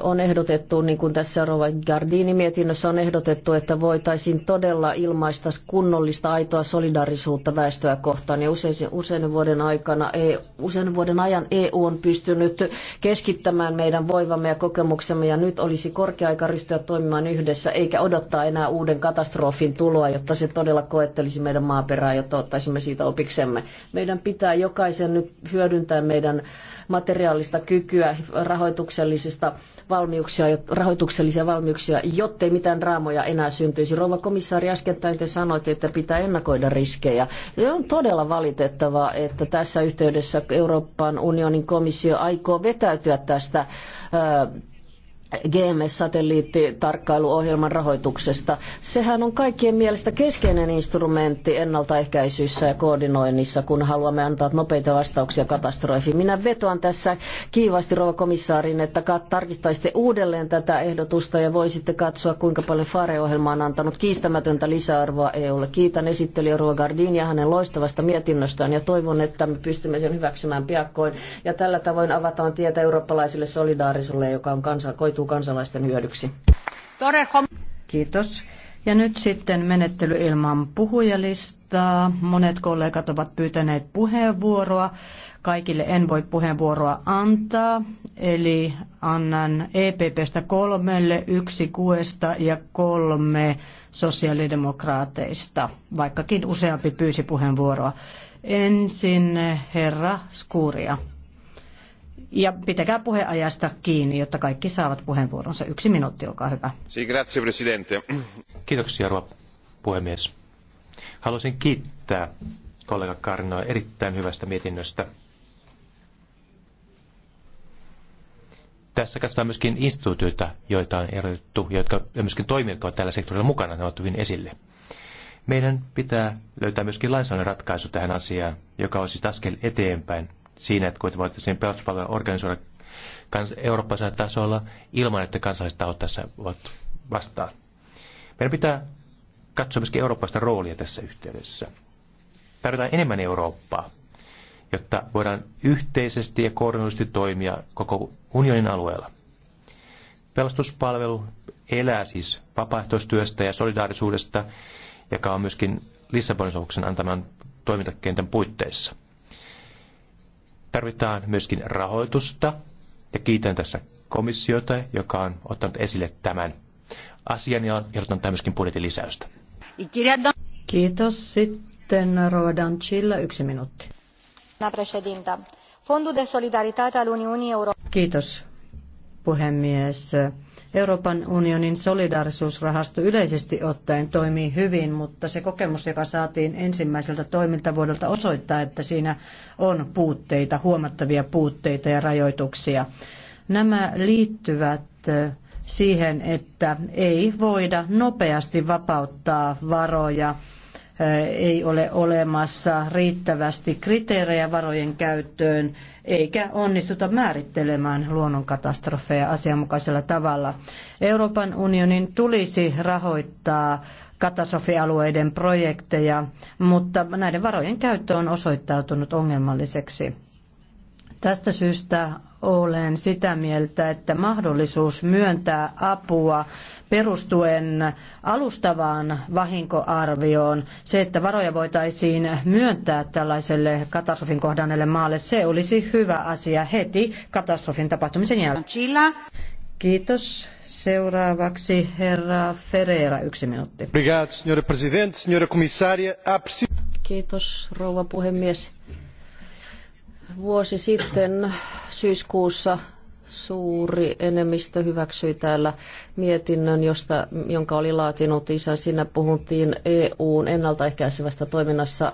C: on ehdotettu, niin kuin tässä Rova Gardini mietinnössä on ehdotettu, että voitaisiin todella ilmaista kunnollista aitoa solidaarisuutta väestöä kohtaan. Ja usein, usein vuoden aikana, e- usein vuoden ajan EU on pystynyt keskittämään meidän voivamme ja kokemuksemme ja nyt olisi korkea aika ryhtyä toimimaan yhdessä eikä odottaa enää uuden katastrofin tuloa, jotta se todella koettelisi meidän maaperää, jotta ottaisimme siitä opiksemme. Meidän pitää jokaisen nyt hyödyntää meidän materiaalista kykyä rahoituksellisista valmiuksia, rahoituksellisia valmiuksia, jottei mitään raamoja enää syntyisi. Rouva komissaari, äskettäin te sanoitte, että pitää ennakoida riskejä. Ja on todella valitettavaa, että tässä yhteydessä Euroopan unionin komissio aikoo vetäytyä tästä GMS-satelliittitarkkailuohjelman rahoituksesta. Sehän on kaikkien mielestä keskeinen instrumentti ennaltaehkäisyssä ja koordinoinnissa, kun haluamme antaa nopeita vastauksia katastrofiin. Minä vetoan tässä kiivaasti, rouva komissaarin, että tarkistaisitte uudelleen tätä ehdotusta ja voisitte katsoa, kuinka paljon FARE-ohjelma on antanut kiistämätöntä lisäarvoa EUlle. Kiitän esittelijä Rouva Gardin ja hänen loistavasta mietinnöstään ja toivon, että me pystymme sen hyväksymään piakkoin. Ja tällä
A: tavoin avataan tietä eurooppalaiselle solidaarisuudelle, joka on kansan koitu muuttuu kansalaisten hyödyksi. Kiitos. Ja nyt sitten menettely ilman puhujalistaa. Monet kollegat ovat pyytäneet puheenvuoroa. Kaikille en voi puheenvuoroa antaa, eli annan EPPstä kolmelle, yksi kuesta ja kolme sosiaalidemokraateista, vaikkakin useampi pyysi puheenvuoroa. Ensin herra Skuria. Ja pitäkää puheajasta kiinni, jotta kaikki saavat puheenvuoronsa. Yksi minuutti, olkaa hyvä.
B: Si, grazie, presidente. Kiitoksia, rouva puhemies. Haluaisin kiittää kollega Karnoa erittäin hyvästä mietinnöstä. Tässä katsotaan myöskin instituutioita, joita on erotettu, jotka myöskin toimijat ovat tällä sektorilla mukana, ne ovat hyvin esille. Meidän pitää löytää myöskin lainsäädännön ratkaisu tähän asiaan, joka on siis askel eteenpäin siinä, että kuitenkin voitaisiin pelastuspalveluja organisoida kans- eurooppalaisella tasolla ilman, että kansalliset tahot tässä ovat vastaan. Meidän pitää katsoa myöskin eurooppalaista roolia tässä yhteydessä. Tarvitaan enemmän Eurooppaa, jotta voidaan yhteisesti ja koordinoidusti toimia koko unionin alueella. Pelastuspalvelu elää siis vapaaehtoistyöstä ja solidaarisuudesta, joka on myöskin Lissabonin sopimuksen antaman toimintakentän puitteissa. Tarvitaan myöskin rahoitusta, ja kiitän tässä komissiota, joka on ottanut esille tämän asian ja on ehdottanut tähän myöskin budjetin lisäystä.
A: Kiitos. Sitten Rova Dancilla yksi minuutti. de al Kiitos puhemies. Euroopan unionin solidaarisuusrahasto yleisesti ottaen toimii hyvin, mutta se kokemus, joka saatiin ensimmäiseltä toimintavuodelta, osoittaa, että siinä on puutteita, huomattavia puutteita ja rajoituksia. Nämä liittyvät siihen, että ei voida nopeasti vapauttaa varoja ei ole olemassa riittävästi kriteerejä varojen käyttöön, eikä onnistuta määrittelemään luonnonkatastrofeja asianmukaisella tavalla. Euroopan unionin tulisi rahoittaa katastrofialueiden projekteja, mutta näiden varojen käyttö on osoittautunut ongelmalliseksi. Tästä syystä olen sitä mieltä, että mahdollisuus myöntää apua perustuen alustavaan vahinkoarvioon. Se, että varoja voitaisiin myöntää tällaiselle katastrofin kohdanneelle maalle, se olisi hyvä asia heti katastrofin tapahtumisen jälkeen. Kiitos. Seuraavaksi herra Ferreira, yksi minuutti.
C: Kiitos, rouva puhemies. Vuosi sitten syyskuussa suuri enemmistö hyväksyi täällä mietinnön, josta, jonka oli laatinut isä. Siinä puhuttiin EUn ennaltaehkäisevästä toiminnassa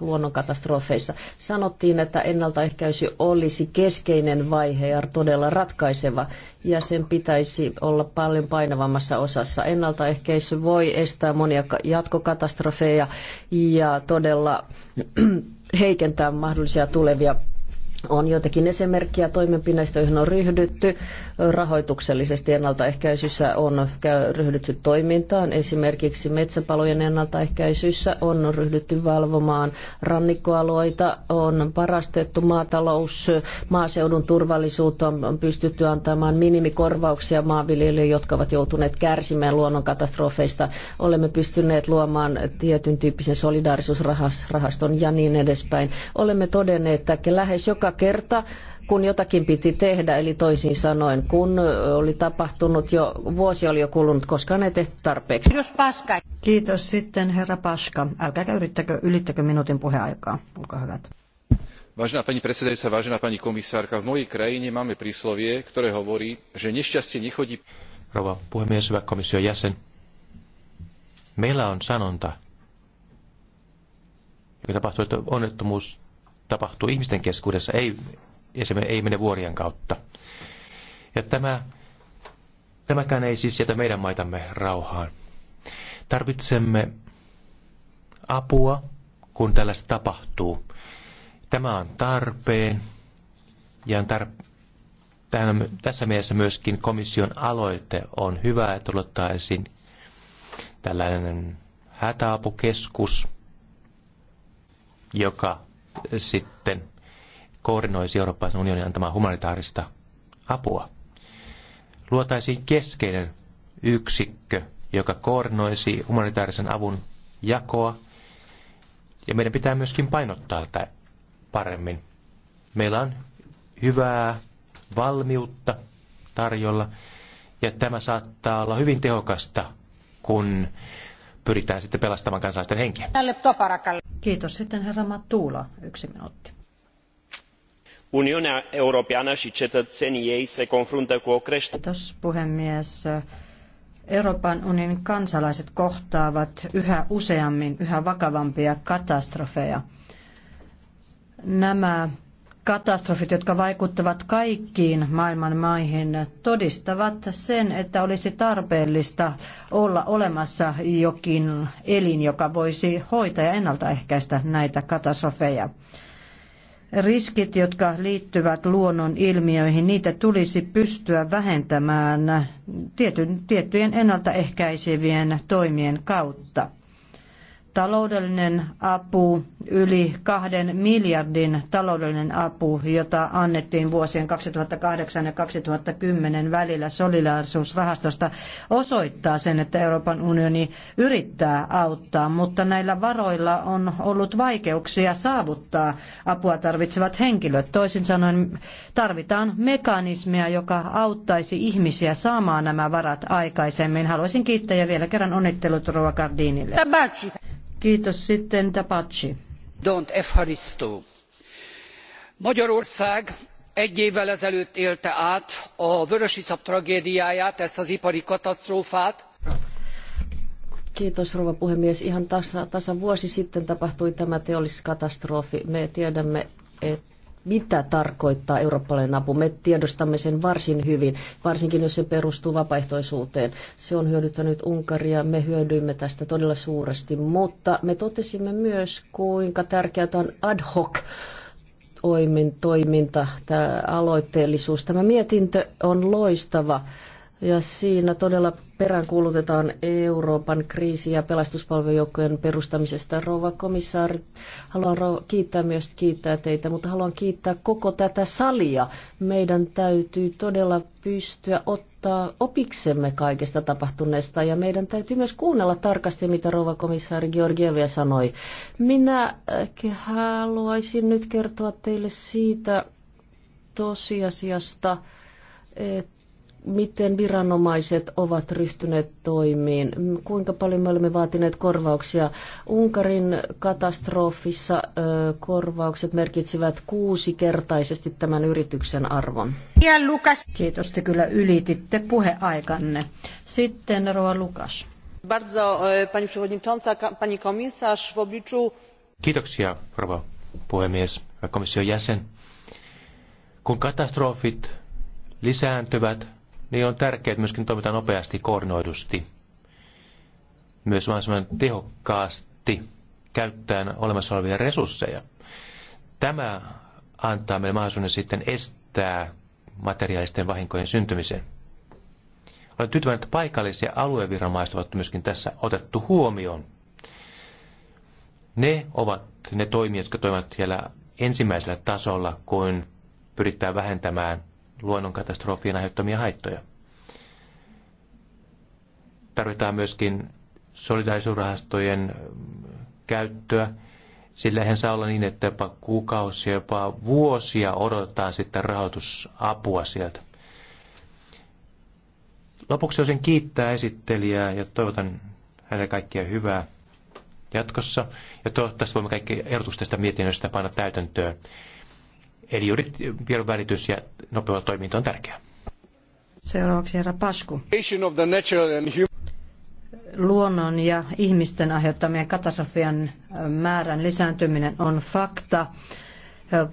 C: luonnonkatastrofeissa. Sanottiin, että ennaltaehkäisy olisi keskeinen vaihe ja todella ratkaiseva, ja sen pitäisi olla paljon painavammassa osassa. Ennaltaehkäisy voi estää monia jatkokatastrofeja ja todella heikentää mahdollisia tulevia on joitakin esimerkkejä toimenpiteistä, joihin on ryhdytty. Rahoituksellisesti ennaltaehkäisyssä on ryhdytty toimintaan. Esimerkiksi metsäpalojen ennaltaehkäisyssä on ryhdytty valvomaan rannikkoalueita, on parastettu maatalous, maaseudun turvallisuutta, on pystytty antamaan minimikorvauksia maanviljelijöille, jotka ovat joutuneet kärsimään luonnonkatastrofeista. Olemme pystyneet luomaan tietyn tyyppisen solidaarisuusrahaston ja niin edespäin. Olemme todenneet, että lähes joka kerta, kun jotakin piti tehdä, eli toisin sanoen, kun oli tapahtunut jo,
A: vuosi oli jo kulunut, koskaan ei tehty tarpeeksi. Kiitos Paska. Kiitos sitten herra Paska. Älkääkä yrittäkö, ylittäkö minuutin puheaikaa. Olkaa hyvät.
B: Vážená pani predsedajúca, vážená pani komisárka, v mojej krajine máme príslovie, ktoré hovorí, že nešťastie nechodí... Rova puhemies, hyvä komisio jäsen. Meillä on sanonta, joka tapahtuu, että onnettomuus tapahtuu ihmisten keskuudessa, ei, esimerkiksi ei mene vuorien kautta. Ja tämä, tämäkään ei siis sieltä meidän maitamme rauhaan. Tarvitsemme apua, kun tällaista tapahtuu. Tämä on tarpeen ja on tar- tämän, tässä mielessä myöskin komission aloite on hyvä, että luottaisiin tällainen hätäapukeskus, joka sitten koordinoisi Euroopan unionin antamaa humanitaarista apua. Luotaisiin keskeinen yksikkö, joka koordinoisi humanitaarisen avun jakoa, ja meidän pitää myöskin painottaa tätä paremmin. Meillä on hyvää valmiutta tarjolla, ja tämä saattaa olla hyvin tehokasta, kun pyritään sitten pelastamaan kansalaisten henkiä.
A: Kiitos. Sitten herra Matula, yksi minuutti.
C: Uniunea Europeană și cetățenii ei se confruntă cu o creștere. Kiitos
A: puhemies. Euroopan unionin kansalaiset kohtaavat yhä useammin yhä vakavampia katastrofeja. Nämä katastrofit, jotka vaikuttavat kaikkiin maailman maihin, todistavat sen, että olisi tarpeellista olla olemassa jokin elin, joka voisi hoitaa ja ennaltaehkäistä näitä katastrofeja. Riskit, jotka liittyvät luonnon ilmiöihin, niitä tulisi pystyä vähentämään tietyn, tiettyjen ennaltaehkäisevien toimien kautta taloudellinen apu, yli kahden miljardin taloudellinen apu, jota annettiin vuosien 2008 ja 2010 välillä solidaarisuusrahastosta, osoittaa sen, että Euroopan unioni yrittää auttaa, mutta näillä varoilla on ollut vaikeuksia saavuttaa apua tarvitsevat henkilöt. Toisin sanoen tarvitaan mekanismia, joka auttaisi ihmisiä saamaan nämä varat aikaisemmin. Haluaisin kiittää ja vielä kerran onnittelut Ruoka Gardinille. Kiitos sitten Tapacci.
B: Don't Efharisto. Magyarország egy évvel ezelőtt élte át a vörösiszap tragédiáját, ezt az ipari katasztrófát.
C: Kiitos rouva puhemies. Ihan tasa, tasa vuosi sitten tapahtui tämä teolliskatastrofi. Me tiedämme, että mitä tarkoittaa eurooppalainen apu. Me tiedostamme sen varsin hyvin, varsinkin jos se perustuu vapaaehtoisuuteen. Se on hyödyttänyt Unkaria, me hyödyimme tästä todella suuresti, mutta me totesimme myös, kuinka tärkeää on ad hoc toiminta, tämä aloitteellisuus. Tämä mietintö on loistava ja siinä todella peräänkuulutetaan Euroopan kriisi- ja pelastuspalvelujoukkojen perustamisesta. Rouva komissaari, haluan kiittää myös kiittää teitä, mutta haluan kiittää koko tätä salia. Meidän täytyy todella pystyä ottaa opiksemme kaikesta tapahtuneesta ja meidän täytyy myös kuunnella tarkasti, mitä rouva komissaari Georgievia sanoi. Minä eh, haluaisin nyt kertoa teille siitä tosiasiasta, että miten viranomaiset ovat ryhtyneet toimiin, kuinka paljon me olemme vaatineet korvauksia. Unkarin katastrofissa korvaukset merkitsivät kuusikertaisesti tämän
A: yrityksen arvon. Lukas. Kiitos, te kyllä ylititte puheaikanne. Sitten Roa Lukas.
C: Bardzo, e, pani przewodnicząca, pani komisarz, w
B: obliczu... Kiitoksia, rouva puhemies komission jäsen. Kun katastrofit lisääntyvät, niin on tärkeää, että myöskin toimitaan nopeasti, koordinoidusti, myös mahdollisimman tehokkaasti käyttäen olemassa olevia resursseja. Tämä antaa meille mahdollisuuden sitten estää materiaalisten vahinkojen syntymisen. Olen tyytyväinen, että paikallisia alueviranomaiset ovat myöskin tässä otettu huomioon. Ne ovat ne toimijat, jotka toimivat vielä ensimmäisellä tasolla, kun pyritään vähentämään luonnonkatastrofien aiheuttamia haittoja. Tarvitaan myöskin solidaisuusrahastojen käyttöä. Sillä eihän saa olla niin, että jopa kuukausia, jopa vuosia odotetaan sitten rahoitusapua sieltä. Lopuksi olisin kiittää esittelijää ja toivotan hänelle kaikkia hyvää jatkossa. Ja toivottavasti voimme kaikki ehdotukset tästä mietinnöstä panna täytäntöön. Eli juuri tiedon välitys ja nopea toiminta on tärkeää.
A: Seuraavaksi herra Pasku. Luonnon ja ihmisten aiheuttamien katastrofian määrän lisääntyminen on fakta.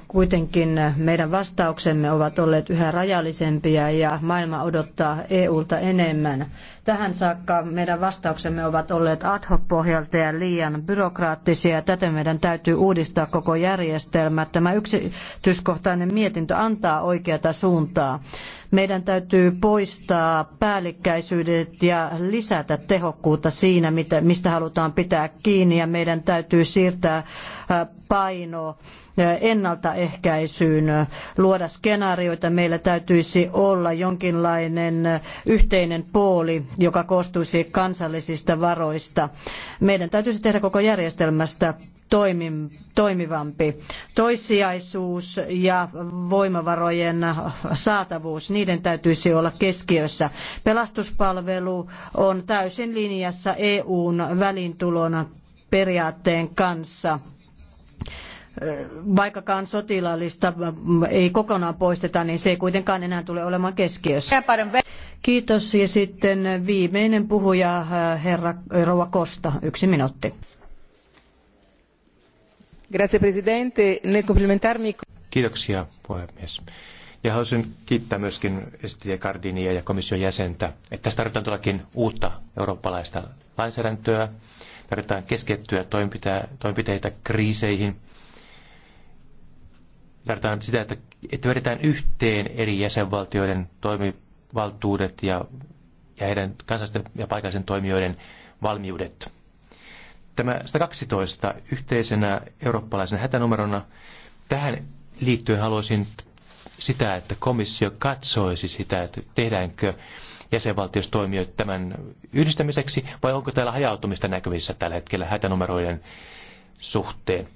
A: Kuitenkin meidän vastauksemme ovat olleet yhä rajallisempia ja maailma odottaa EUlta enemmän. Tähän saakka meidän vastauksemme ovat olleet ad hoc pohjalta ja liian byrokraattisia. Täten meidän täytyy uudistaa koko järjestelmä. Tämä yksityiskohtainen mietintö antaa oikeata suuntaa. Meidän täytyy poistaa päällikkäisyydet ja lisätä tehokkuutta siinä, mistä halutaan pitää kiinni ja meidän täytyy siirtää äh, paino äh, ennaltaehkäisyyn, äh, luoda skenaarioita. Meillä täytyisi olla jonkinlainen yhteinen pooli joka koostuisi kansallisista varoista. Meidän täytyisi tehdä koko järjestelmästä toimivampi. Toissijaisuus ja voimavarojen saatavuus, niiden täytyisi olla keskiössä. Pelastuspalvelu on täysin linjassa EUn välintulon periaatteen kanssa vaikkakaan sotilaallista ei kokonaan poisteta, niin se ei kuitenkaan enää tule olemaan keskiössä. Kiitos ja sitten viimeinen puhuja, herra Rouva Kosta, yksi minuutti. Grazie Presidente, nel complimentarmi...
B: Kiitoksia puhemies. Ja haluaisin kiittää myöskin esittäjä Gardinia ja komission jäsentä, että tässä tarvitaan todellakin uutta eurooppalaista lainsäädäntöä, tarvitaan keskittyä toimenpiteitä kriiseihin – tarvitaan sitä, että, että vedetään yhteen eri jäsenvaltioiden toimivaltuudet ja, ja heidän kansallisten ja paikallisen toimijoiden valmiudet. Tämä 112 yhteisenä eurooppalaisen hätänumerona, tähän liittyen haluaisin sitä, että komissio katsoisi sitä, että tehdäänkö jäsenvaltiossa toimijoita tämän yhdistämiseksi, vai onko täällä hajautumista näkyvissä tällä hetkellä hätänumeroiden suhteen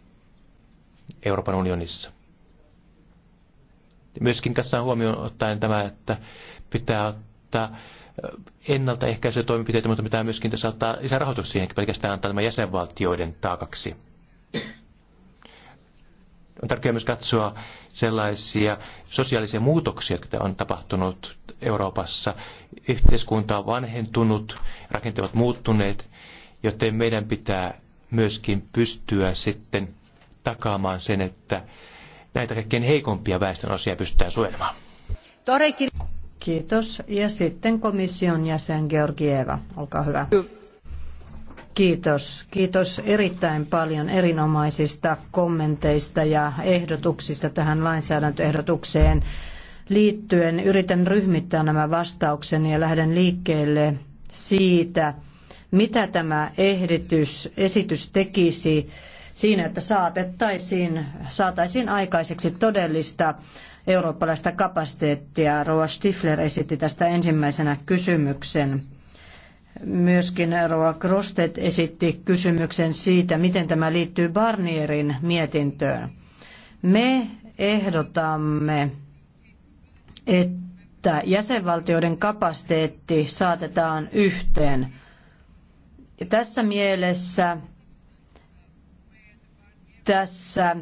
B: Euroopan unionissa? Myöskin tässä on huomioon ottaen tämä, että pitää ottaa toimenpiteitä, mutta pitää myöskin tässä ottaa lisää rahoitus siihen, pelkästään antaa tämä jäsenvaltioiden taakaksi. On tärkeää myös katsoa sellaisia sosiaalisia muutoksia, joita on tapahtunut Euroopassa. Yhteiskunta on vanhentunut, rakenteet ovat muuttuneet, joten meidän pitää myöskin pystyä sitten takaamaan sen, että näitä kaikkein heikompia väestönosia pystytään suojelemaan.
A: Kiitos. Ja sitten komission jäsen Georgieva, olkaa hyvä. Kiitos. Kiitos erittäin paljon erinomaisista kommenteista ja ehdotuksista tähän lainsäädäntöehdotukseen liittyen. Yritän ryhmittää nämä vastaukseni ja lähden liikkeelle siitä, mitä tämä ehditys, esitys tekisi siinä, että saatettaisiin, saataisiin aikaiseksi todellista eurooppalaista kapasiteettia. Roa Stifler esitti tästä ensimmäisenä kysymyksen. Myöskin Roa Grosted esitti kysymyksen siitä, miten tämä liittyy Barnierin mietintöön. Me ehdotamme, että jäsenvaltioiden kapasiteetti saatetaan yhteen. Ja tässä mielessä tässä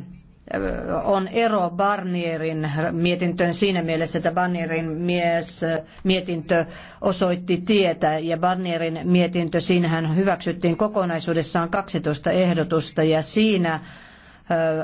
A: on ero Barnierin mietintöön siinä mielessä, että Barnierin mies mietintö osoitti tietä ja Barnierin mietintö, siinähän hyväksyttiin kokonaisuudessaan 12 ehdotusta ja siinä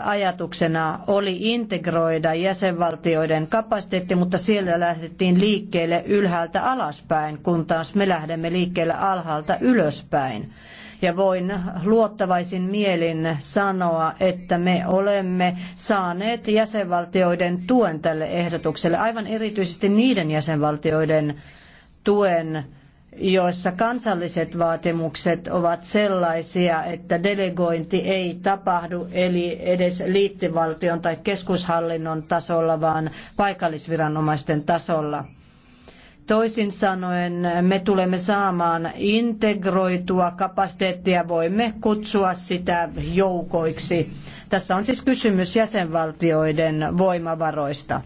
A: ajatuksena oli integroida jäsenvaltioiden kapasiteetti, mutta siellä lähdettiin liikkeelle ylhäältä alaspäin, kun taas me lähdemme liikkeelle alhaalta ylöspäin. Ja voin luottavaisin mielin sanoa, että me olemme saaneet jäsenvaltioiden tuen tälle ehdotukselle, aivan erityisesti niiden jäsenvaltioiden tuen, joissa kansalliset vaatimukset ovat sellaisia, että delegointi ei tapahdu eli edes liittivaltion tai keskushallinnon tasolla, vaan paikallisviranomaisten tasolla. Toisin sanoen me tulemme saamaan integroitua kapasiteettia, voimme kutsua sitä joukoiksi. Tässä on siis kysymys jäsenvaltioiden voimavaroista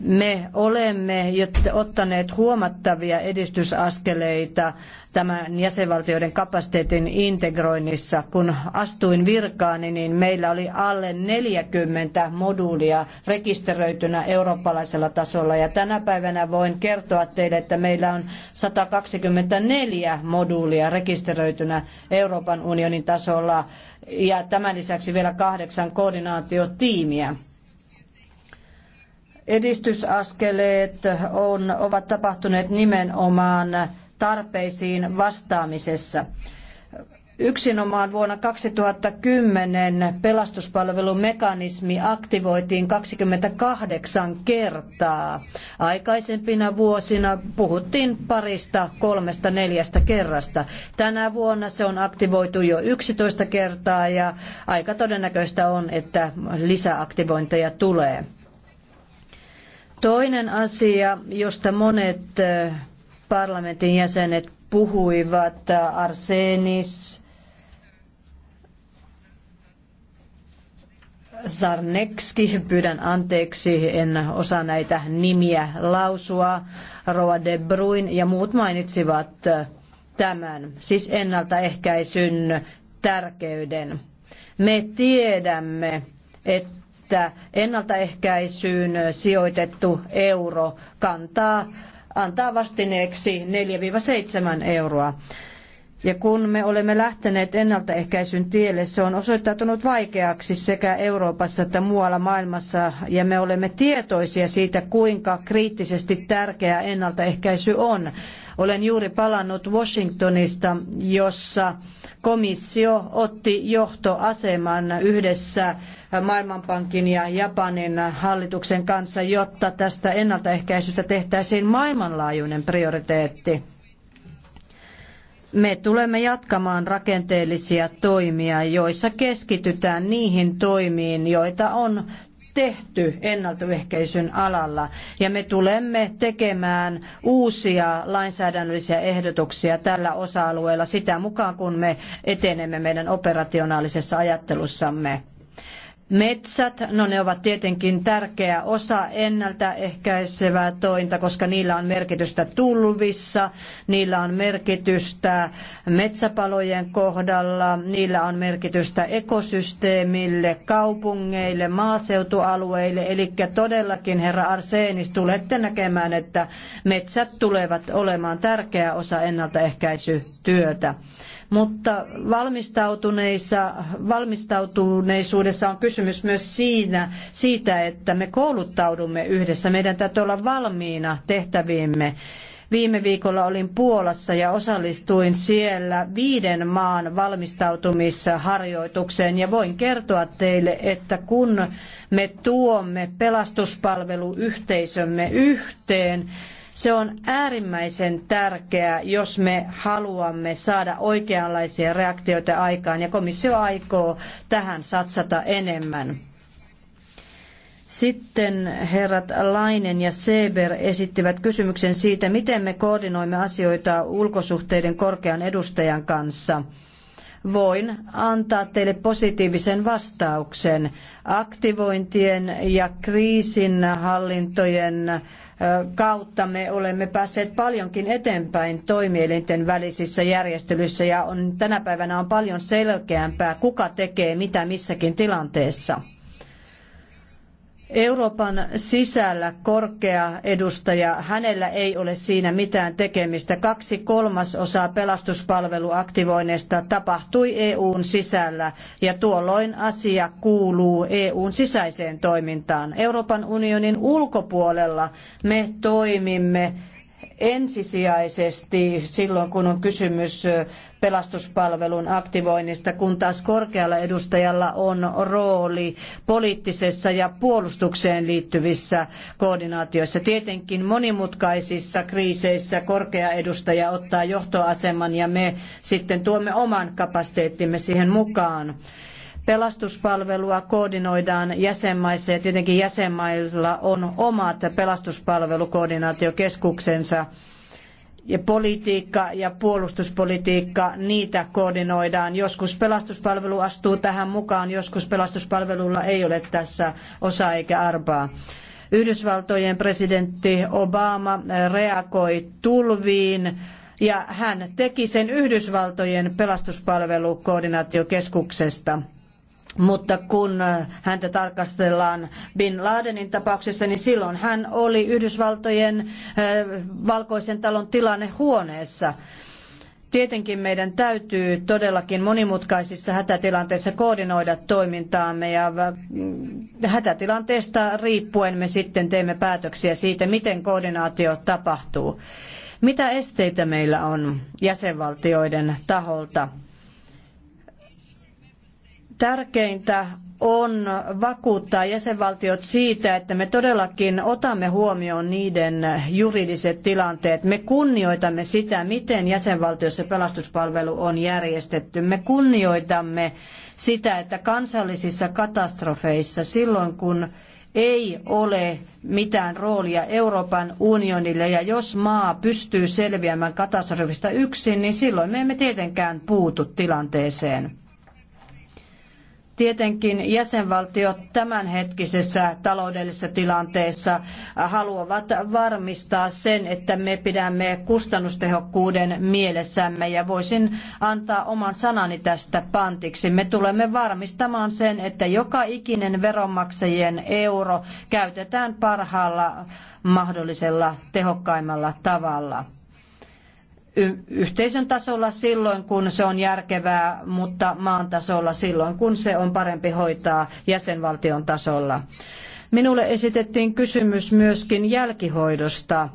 A: me olemme ottaneet huomattavia edistysaskeleita tämän jäsenvaltioiden kapasiteetin integroinnissa. Kun astuin virkaani, niin meillä oli alle 40 moduulia rekisteröitynä eurooppalaisella tasolla. Ja tänä päivänä voin kertoa teille, että meillä on 124 moduulia rekisteröitynä Euroopan unionin tasolla ja tämän lisäksi vielä kahdeksan koordinaatiotiimiä edistysaskeleet on, ovat tapahtuneet nimenomaan tarpeisiin vastaamisessa. Yksinomaan vuonna 2010 pelastuspalvelumekanismi aktivoitiin 28 kertaa. Aikaisempina vuosina puhuttiin parista, kolmesta, neljästä kerrasta. Tänä vuonna se on aktivoitu jo 11 kertaa ja aika todennäköistä on, että lisäaktivointeja tulee. Toinen asia, josta monet parlamentin jäsenet puhuivat, Arsenis, Sarnekski, pyydän anteeksi, en osaa näitä nimiä lausua, Roa de Bruin ja muut mainitsivat tämän, siis ennaltaehkäisyn tärkeyden. Me tiedämme, että että ennaltaehkäisyyn sijoitettu euro kantaa, antaa vastineeksi 4-7 euroa. Ja kun me olemme lähteneet ennaltaehkäisyn tielle, se on osoittautunut vaikeaksi sekä Euroopassa että muualla maailmassa, ja me olemme tietoisia siitä, kuinka kriittisesti tärkeää ennaltaehkäisy on. Olen juuri palannut Washingtonista, jossa komissio otti johtoaseman yhdessä Maailmanpankin ja Japanin hallituksen kanssa, jotta tästä ennaltaehkäisystä tehtäisiin maailmanlaajuinen prioriteetti. Me tulemme jatkamaan rakenteellisia toimia, joissa keskitytään niihin toimiin, joita on tehty ennaltaehkäisyn alalla ja me tulemme tekemään uusia lainsäädännöllisiä ehdotuksia tällä osa-alueella sitä mukaan, kun me etenemme meidän operationaalisessa ajattelussamme. Metsät, no ne ovat tietenkin tärkeä osa ennaltaehkäisevää tointa, koska niillä on merkitystä tulvissa, niillä on merkitystä metsäpalojen kohdalla, niillä on merkitystä ekosysteemille, kaupungeille, maaseutualueille. Eli todellakin, herra Arsenis, tulette näkemään, että metsät tulevat olemaan tärkeä osa ennaltaehkäisytyötä mutta valmistautuneissa, valmistautuneisuudessa on kysymys myös siinä, siitä, että me kouluttaudumme yhdessä. Meidän täytyy olla valmiina tehtäviimme. Viime viikolla olin Puolassa ja osallistuin siellä viiden maan valmistautumisharjoitukseen ja voin kertoa teille, että kun me tuomme pelastuspalveluyhteisömme yhteen, se on äärimmäisen tärkeää, jos me haluamme saada oikeanlaisia reaktioita aikaan, ja komissio aikoo tähän satsata enemmän. Sitten herrat Lainen ja Seber esittivät kysymyksen siitä, miten me koordinoimme asioita ulkosuhteiden korkean edustajan kanssa. Voin antaa teille positiivisen vastauksen. Aktivointien ja kriisinhallintojen kautta me olemme päässeet paljonkin eteenpäin toimielinten välisissä järjestelyissä ja on, tänä päivänä on paljon selkeämpää, kuka tekee mitä missäkin tilanteessa. Euroopan sisällä korkea edustaja, hänellä ei ole siinä mitään tekemistä. Kaksi kolmasosaa pelastuspalveluaktivoinneista tapahtui EUn sisällä ja tuolloin asia kuuluu EUn sisäiseen toimintaan. Euroopan unionin ulkopuolella me toimimme ensisijaisesti silloin, kun on kysymys pelastuspalvelun aktivoinnista, kun taas korkealla edustajalla on rooli poliittisessa ja puolustukseen liittyvissä koordinaatioissa. Tietenkin monimutkaisissa kriiseissä korkea edustaja ottaa johtoaseman ja me sitten tuomme oman kapasiteettimme siihen mukaan. Pelastuspalvelua koordinoidaan jäsenmaissa ja tietenkin jäsenmailla on omat pelastuspalvelukoordinaatiokeskuksensa ja politiikka ja puolustuspolitiikka, niitä koordinoidaan. Joskus pelastuspalvelu astuu tähän mukaan, joskus pelastuspalvelulla ei ole tässä osaa eikä arpaa. Yhdysvaltojen presidentti Obama reagoi tulviin ja hän teki sen Yhdysvaltojen pelastuspalvelukoordinaatiokeskuksesta mutta kun äh, häntä tarkastellaan Bin Ladenin tapauksessa, niin silloin hän oli Yhdysvaltojen äh, valkoisen talon tilannehuoneessa. Tietenkin meidän täytyy todellakin monimutkaisissa hätätilanteissa koordinoida toimintaamme ja äh, mm, hätätilanteesta riippuen me sitten teemme päätöksiä siitä, miten koordinaatio tapahtuu. Mitä esteitä meillä on jäsenvaltioiden taholta? Tärkeintä on vakuuttaa jäsenvaltiot siitä, että me todellakin otamme huomioon niiden juridiset tilanteet. Me kunnioitamme sitä, miten jäsenvaltiossa pelastuspalvelu on järjestetty. Me kunnioitamme sitä, että kansallisissa katastrofeissa silloin, kun ei ole mitään roolia Euroopan unionille ja jos maa pystyy selviämään katastrofista yksin, niin silloin me emme tietenkään puutu tilanteeseen. Tietenkin jäsenvaltiot tämänhetkisessä taloudellisessa tilanteessa haluavat varmistaa sen, että me pidämme kustannustehokkuuden mielessämme ja voisin antaa oman sanani tästä pantiksi. Me tulemme varmistamaan sen, että joka ikinen veronmaksajien euro käytetään parhaalla mahdollisella tehokkaimmalla tavalla yhteisön tasolla silloin, kun se on järkevää, mutta maan tasolla silloin, kun se on parempi hoitaa jäsenvaltion tasolla. Minulle esitettiin kysymys myöskin jälkihoidosta.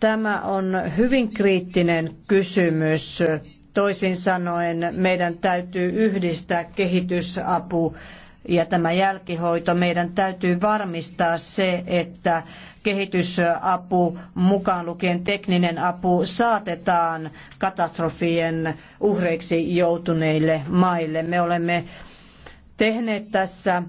A: Tämä on hyvin kriittinen kysymys. Toisin sanoen meidän täytyy yhdistää kehitysapu ja tämä jälkihoito. Meidän täytyy varmistaa se, että kehitysapu, mukaan lukien tekninen apu, saatetaan katastrofien uhreiksi joutuneille maille. Me olemme tehneet tässä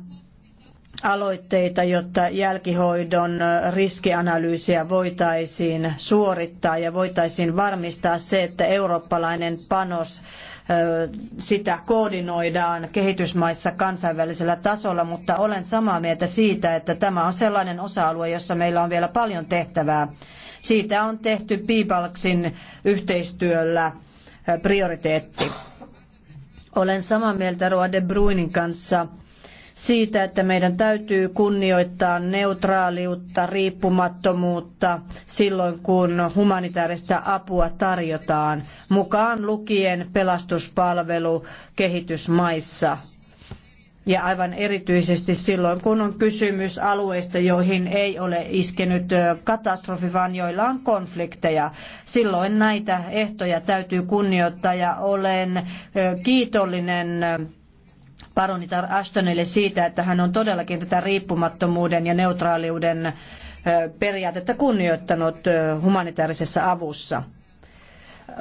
A: aloitteita, jotta jälkihoidon riskianalyysiä voitaisiin suorittaa ja voitaisiin varmistaa se, että eurooppalainen panos sitä koordinoidaan kehitysmaissa kansainvälisellä tasolla, mutta olen samaa mieltä siitä, että tämä on sellainen osa-alue, jossa meillä on vielä paljon tehtävää. Siitä on tehty Piipalksin yhteistyöllä prioriteetti. Olen samaa mieltä Roa de Bruinin kanssa siitä, että meidän täytyy kunnioittaa neutraaliutta, riippumattomuutta silloin, kun humanitaarista apua tarjotaan, mukaan lukien pelastuspalvelu kehitysmaissa. Ja aivan erityisesti silloin, kun on kysymys alueista, joihin ei ole iskenyt katastrofi, vaan joilla on konflikteja. Silloin näitä ehtoja täytyy kunnioittaa ja olen kiitollinen baronitar Ashtonille siitä, että hän on todellakin tätä riippumattomuuden ja neutraaliuden periaatetta kunnioittanut humanitaarisessa avussa.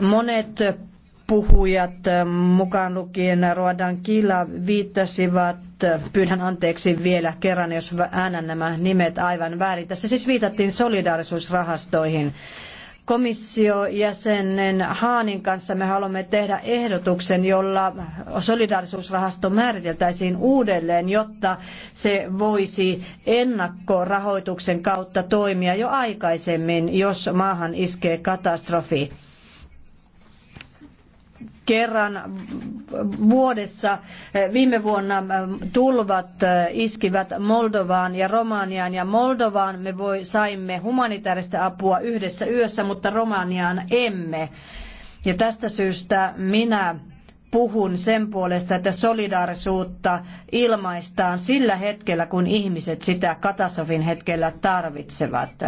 A: Monet puhujat, mukaan lukien Ruodan Kila, viittasivat, pyydän anteeksi vielä kerran, jos äänän nämä nimet aivan väärin. Tässä siis viitattiin solidaarisuusrahastoihin komissiojäsenen Haanin kanssa me haluamme tehdä ehdotuksen, jolla solidaarisuusrahasto määriteltäisiin uudelleen, jotta se voisi ennakkorahoituksen kautta toimia jo aikaisemmin, jos maahan iskee katastrofi kerran vuodessa. Viime vuonna tulvat eh, iskivät Moldovaan ja Romaniaan ja Moldovaan me voi, saimme humanitaarista apua yhdessä yössä, mutta Romaniaan emme. Ja tästä syystä minä puhun sen puolesta, että solidaarisuutta ilmaistaan sillä hetkellä, kun ihmiset sitä katastrofin hetkellä tarvitsevat.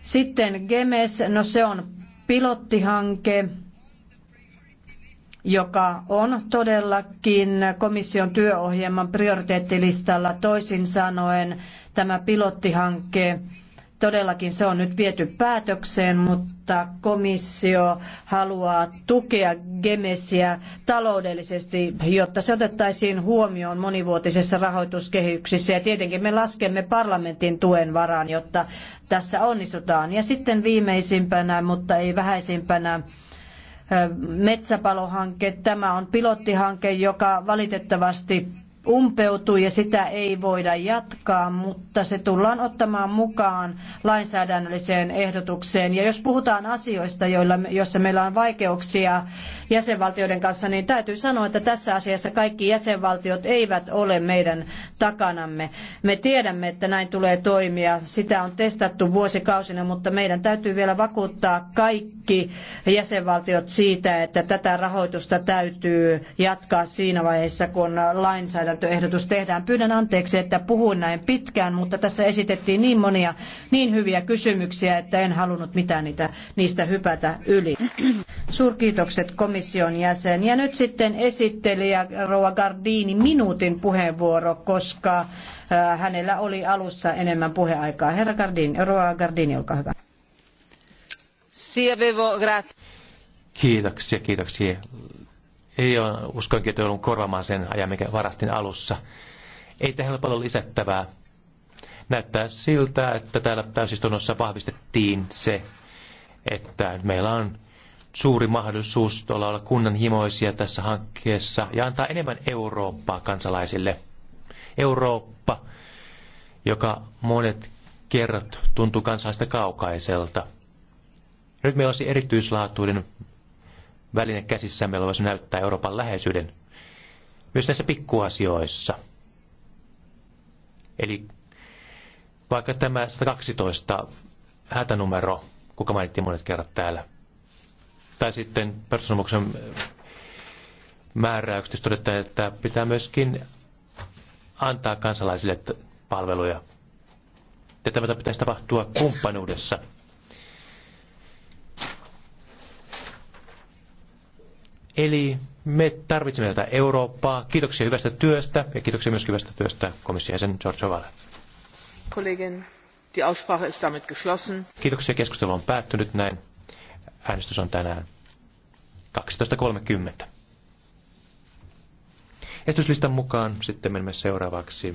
A: Sitten GEMES, no se on pilottihanke, joka on todellakin komission työohjelman prioriteettilistalla. Toisin sanoen tämä pilottihanke todellakin se on nyt viety päätökseen, mutta komissio haluaa tukea Gemesiä taloudellisesti, jotta se otettaisiin huomioon monivuotisessa rahoituskehyksissä. Ja tietenkin me laskemme parlamentin tuen varaan, jotta tässä onnistutaan. Ja sitten viimeisimpänä, mutta ei vähäisimpänä, metsäpalohanke. Tämä on pilottihanke, joka valitettavasti umpeutui ja sitä ei voida jatkaa, mutta se tullaan ottamaan mukaan lainsäädännölliseen ehdotukseen. Ja jos puhutaan asioista, joilla, joissa meillä on vaikeuksia jäsenvaltioiden kanssa, niin täytyy sanoa, että tässä asiassa kaikki jäsenvaltiot eivät ole meidän takanamme. Me tiedämme, että näin tulee toimia. Sitä on testattu vuosikausina, mutta meidän täytyy vielä vakuuttaa kaikki jäsenvaltiot siitä, että tätä rahoitusta täytyy jatkaa siinä vaiheessa, kun lainsäädäntö lainsäädäntöehdotus tehdään. Pyydän anteeksi, että puhuin näin pitkään, mutta tässä esitettiin niin monia niin hyviä kysymyksiä, että en halunnut mitään niitä, niistä hypätä yli. Suurkiitokset komission jäsen. Ja nyt sitten esittelijä Roa Gardini minuutin puheenvuoro, koska äh, hänellä oli alussa enemmän puheaikaa. Herra Gardini, Roa Gardini, olkaa hyvä.
B: Kiitoksia, kiitoksia ei ole uskoinkin, että joudun korvaamaan sen ajan, mikä varastin alussa. Ei tähän ole paljon lisättävää. Näyttää siltä, että täällä täysistunnossa vahvistettiin se, että meillä on suuri mahdollisuus olla, olla kunnanhimoisia tässä hankkeessa ja antaa enemmän Eurooppaa kansalaisille. Eurooppa, joka monet kerrat tuntuu kansalaista kaukaiselta. Nyt meillä olisi erityislaatuinen väline käsissämme, voisi näyttää Euroopan läheisyyden myös näissä pikkuasioissa. Eli vaikka tämä 112 hätänumero, kuka mainittiin monet kerrat täällä, tai sitten perussuomuksen määräyksessä todetaan, että pitää myöskin antaa kansalaisille palveluja. Ja tämä pitäisi tapahtua kumppanuudessa Eli me tarvitsemme tätä Eurooppaa. Kiitoksia hyvästä työstä ja kiitoksia myös hyvästä työstä komission jäsen George Ovalle.
C: Kollegin, die Aussprache ist damit geschlossen.
B: Kiitoksia, keskustelu on päättynyt näin. Äänestys on tänään 12.30. Esityslistan mukaan sitten menemme seuraavaksi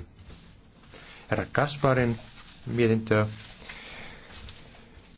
B: herra Kasparin mietintöön.